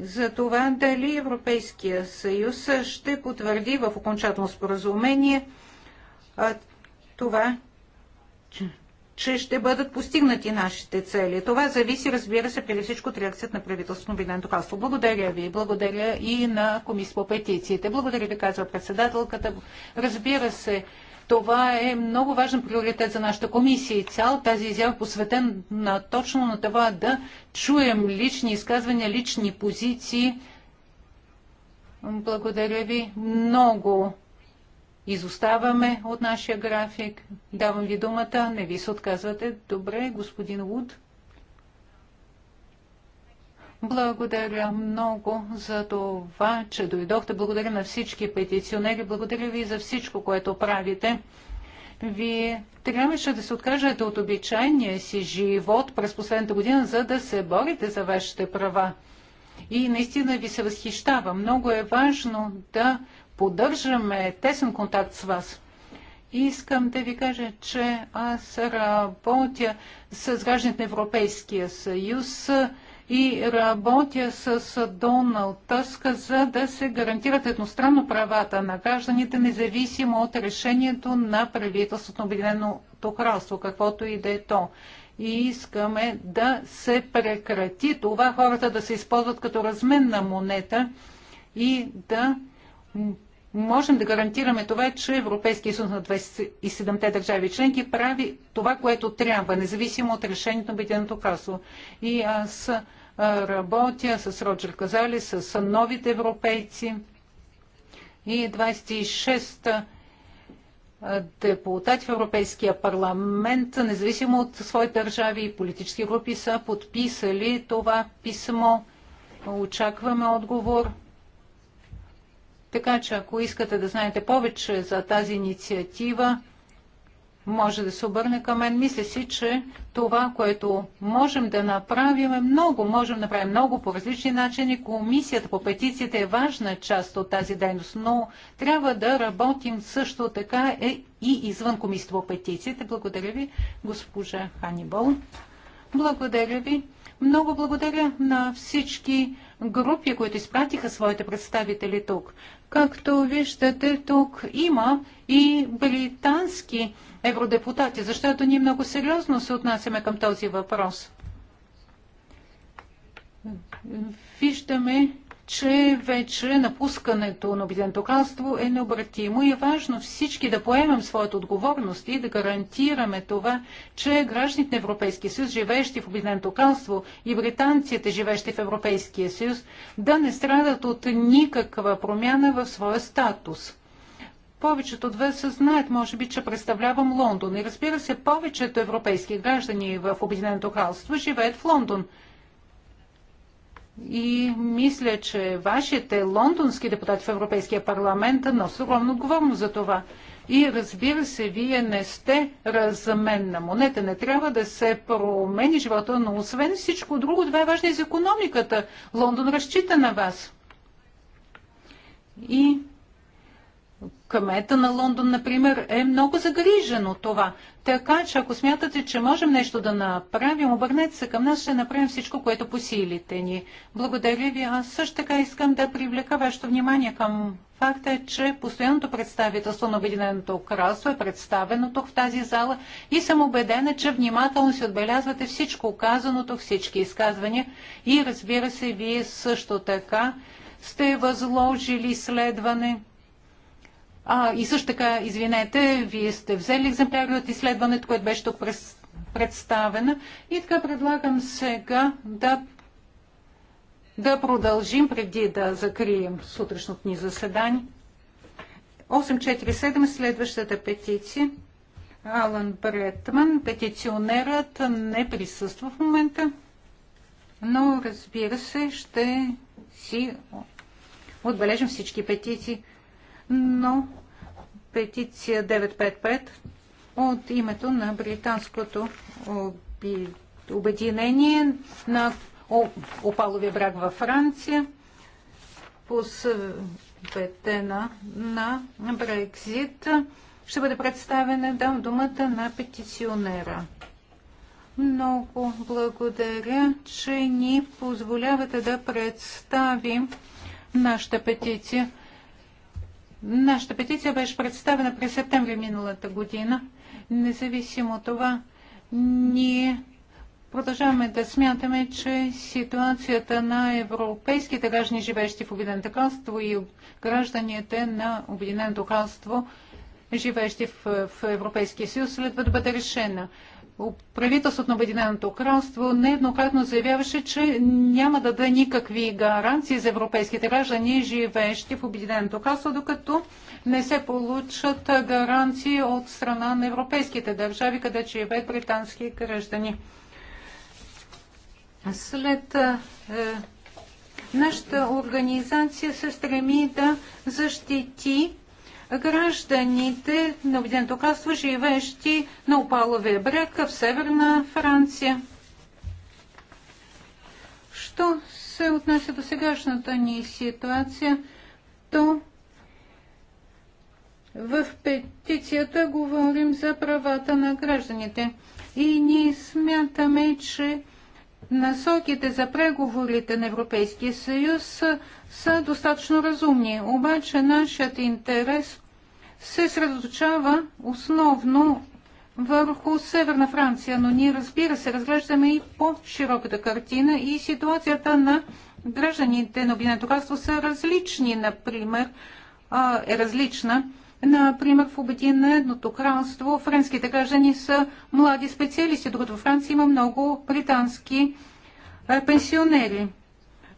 за това дали Европейския съюз ще потвърди в окончателно споразумение а, това, че ще бъдат постигнати нашите цели. Това зависи, разбира се, преди всичко от реакцията на правителството на Обединеното кралство. Благодаря ви. Благодаря и на комисия по петициите. Благодаря ви, казва председателката. Разбира се, това е много важен приоритет за нашата комисия и цял тази изява е посветен на, точно на това да чуем лични изказвания, лични позиции. Благодаря ви. Много изоставаме от нашия график. Давам ви думата. Не ви се отказвате. Добре, господин Луд. Благодаря много за това, че дойдохте. Благодаря на всички петиционери. Благодаря ви за всичко, което правите. Вие трябваше да се откажете от обичайния си живот през последната година, за да се борите за вашите права. И наистина ви се възхищава. Много е важно да поддържаме тесен контакт с вас. Искам да ви кажа, че аз работя с гражданите на Европейския съюз, и работя с Доналд Тъска, за да се гарантират едностранно правата на гражданите, независимо от решението на правителството на Обединеното кралство, каквото и да е то. И искаме да се прекрати това хората да се използват като разменна монета и да можем да гарантираме това, че Европейския съюз на 27-те държави членки прави това, което трябва, независимо от решението на Обединеното кралство. И аз работя с Роджер Казали, с новите европейци и 26 депутати в Европейския парламент, независимо от своите държави и политически групи, са подписали това писмо. Очакваме отговор така че ако искате да знаете повече за тази инициатива, може да се обърне към мен. Мисля си, че това, което можем да направим е много. Можем да направим много по различни начини. Комисията по петициите е важна част от тази дейност, но трябва да работим също така е и извън комисията по петициите. Благодаря ви, госпожа Ханибол. Благодаря ви. Много благодаря на всички групи, които изпратиха своите представители тук. Както виждате, тук има и британски евродепутати, защото ние много сериозно се отнасяме към този въпрос. Виждаме, че вече напускането на Обединеното кралство е необратимо и е важно всички да поемем своята отговорност и да гарантираме това, че гражданите на Европейския съюз, живеещи в Обединеното кралство и британците, живеещи в Европейския съюз, да не страдат от никаква промяна в своя статус. Повечето от вас знаят, може би, че представлявам Лондон. И разбира се, повечето европейски граждани в Обединеното кралство живеят в Лондон – и мисля, че вашите лондонски депутати в Европейския парламент носят огромна отговорност за това. И разбира се, вие не сте разменна монета. Не трябва да се промени живота, но освен всичко друго, това е важно и за економиката. Лондон разчита на вас. И кмета на Лондон, например, е много загрижен от това. Така че, ако смятате, че можем нещо да направим, обърнете се към нас, ще направим всичко, което по силите ни. Благодаря ви. Аз също така искам да привлека вашето внимание към факта, че постоянното представителство на Обединеното кралство е представено тук в тази зала и съм убедена, че внимателно си отбелязвате всичко казаното, всички изказвания и разбира се, вие също така сте възложили изследване а, и също така, извинете, вие сте взели екземпляри от изследването, което беше тук представено. И така предлагам сега да, да продължим преди да закрием сутрешното ни заседание. 847 следващата петиция. Алан Бретман, петиционерът не присъства в момента, но разбира се, ще си отбележим всички петиции но петиция 955 от името на Британското обединение на опаловия брак във Франция, посветена на Брекзит, ще бъде представена, дам думата на петиционера. Много благодаря, че ни позволявате да представим нашата петиция. Нашата петиция беше представена през септември миналата година. Независимо от това, ние продължаваме да смятаме, че ситуацията на европейските граждани, живеещи в Обединеното кралство и гражданите на Обединеното кралство, живеещи в, в Европейския съюз, следва да бъде решена правителството на Обединеното кралство нееднократно заявяваше, че няма да даде никакви гаранции за европейските граждани, живеещи в Обединеното кралство, докато не се получат гаранции от страна на европейските държави, къде живеят британски граждани. След е, нашата организация се стреми да защити гражданите на Обединеното кралство, живеещи на Опаловия бряг в северна Франция. Що се отнася до сегашната ни ситуация, то в петицията говорим за правата на гражданите. И ние смятаме, че насоките за преговорите на Европейския съюз са достатъчно разумни. Обаче нашият интерес се средоточава основно върху Северна Франция, но ние разбира се разглеждаме и по-широката картина и ситуацията на гражданите на Обединеното кралство са различни, например, е различна. Например, в Обединеното кралство френските граждани са млади специалисти, докато в Франция има много британски пенсионери.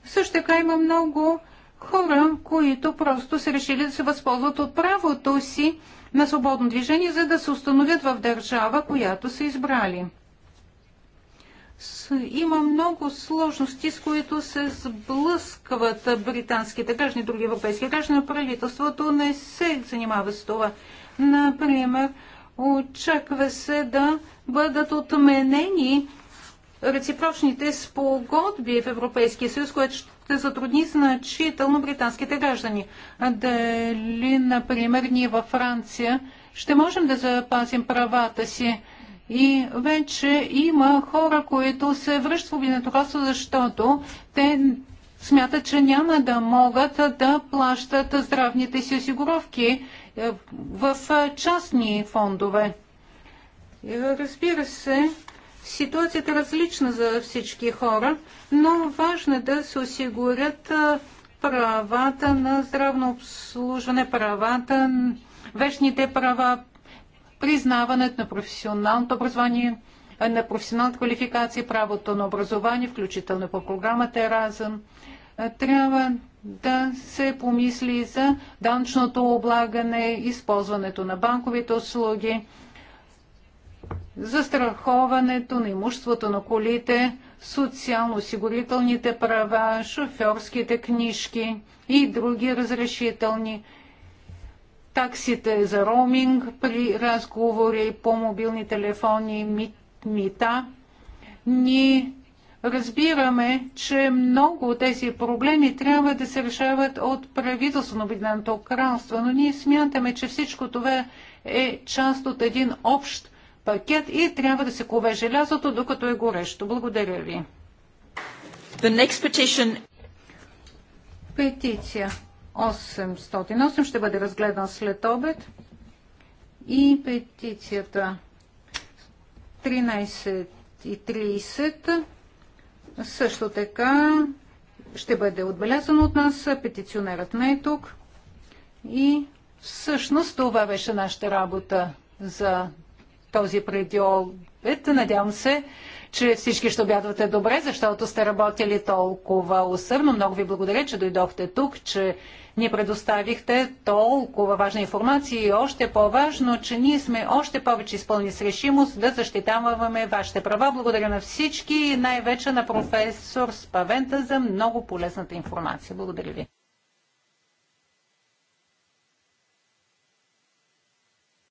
Също така има много хора, които просто са решили да се възползват от правото си на свободно движение, за да се установят в държава, която са избрали. Има много сложности, с които се сблъскват британските граждани, други европейски граждани. Правителството не се занимава с това. Например, очаква се да бъдат отменени реципрочните спогодби в Европейския съюз, което ще затрудни значително британските граждани. Дали, например, ние във Франция ще можем да запазим правата си и вече има хора, които се връщат в Обединеното защото те смятат, че няма да могат да плащат здравните си осигуровки е, в частни фондове. Е, разбира се, Ситуацията е различна за всички хора, но важно е да се осигурят правата на здравно обслужване, правата, вечните права, признаването на професионалното образование, на професионалната квалификация, правото на образование, включително по програмата Еразъм. Трябва да се помисли за данчното облагане, използването на банковите услуги, застраховането на имуществото на колите, социално-осигурителните права, шофьорските книжки и други разрешителни, таксите за роуминг при разговори по мобилни телефони, мита. Ние разбираме, че много от тези проблеми трябва да се решават от правителство на Обединеното кралство, но ние смятаме, че всичко това е част от един общ пакет и трябва да се кове желязото, докато е горещо. Благодаря ви. The next petition... Петиция 808 ще бъде разгледана след обед и петицията 13.30 също така ще бъде отбелязано от нас. Петиционерът не е тук. И всъщност това беше нашата работа за този предиолет. Надявам се, че всички ще обядвате добре, защото сте работили толкова усърно. Много ви благодаря, че дойдохте тук, че ни предоставихте толкова важна информация и още по-важно, че ние сме още повече изпълни с решимост да защитаваме вашите права. Благодаря на всички и най-вече на професор Спавента за много полезната информация. Благодаря ви.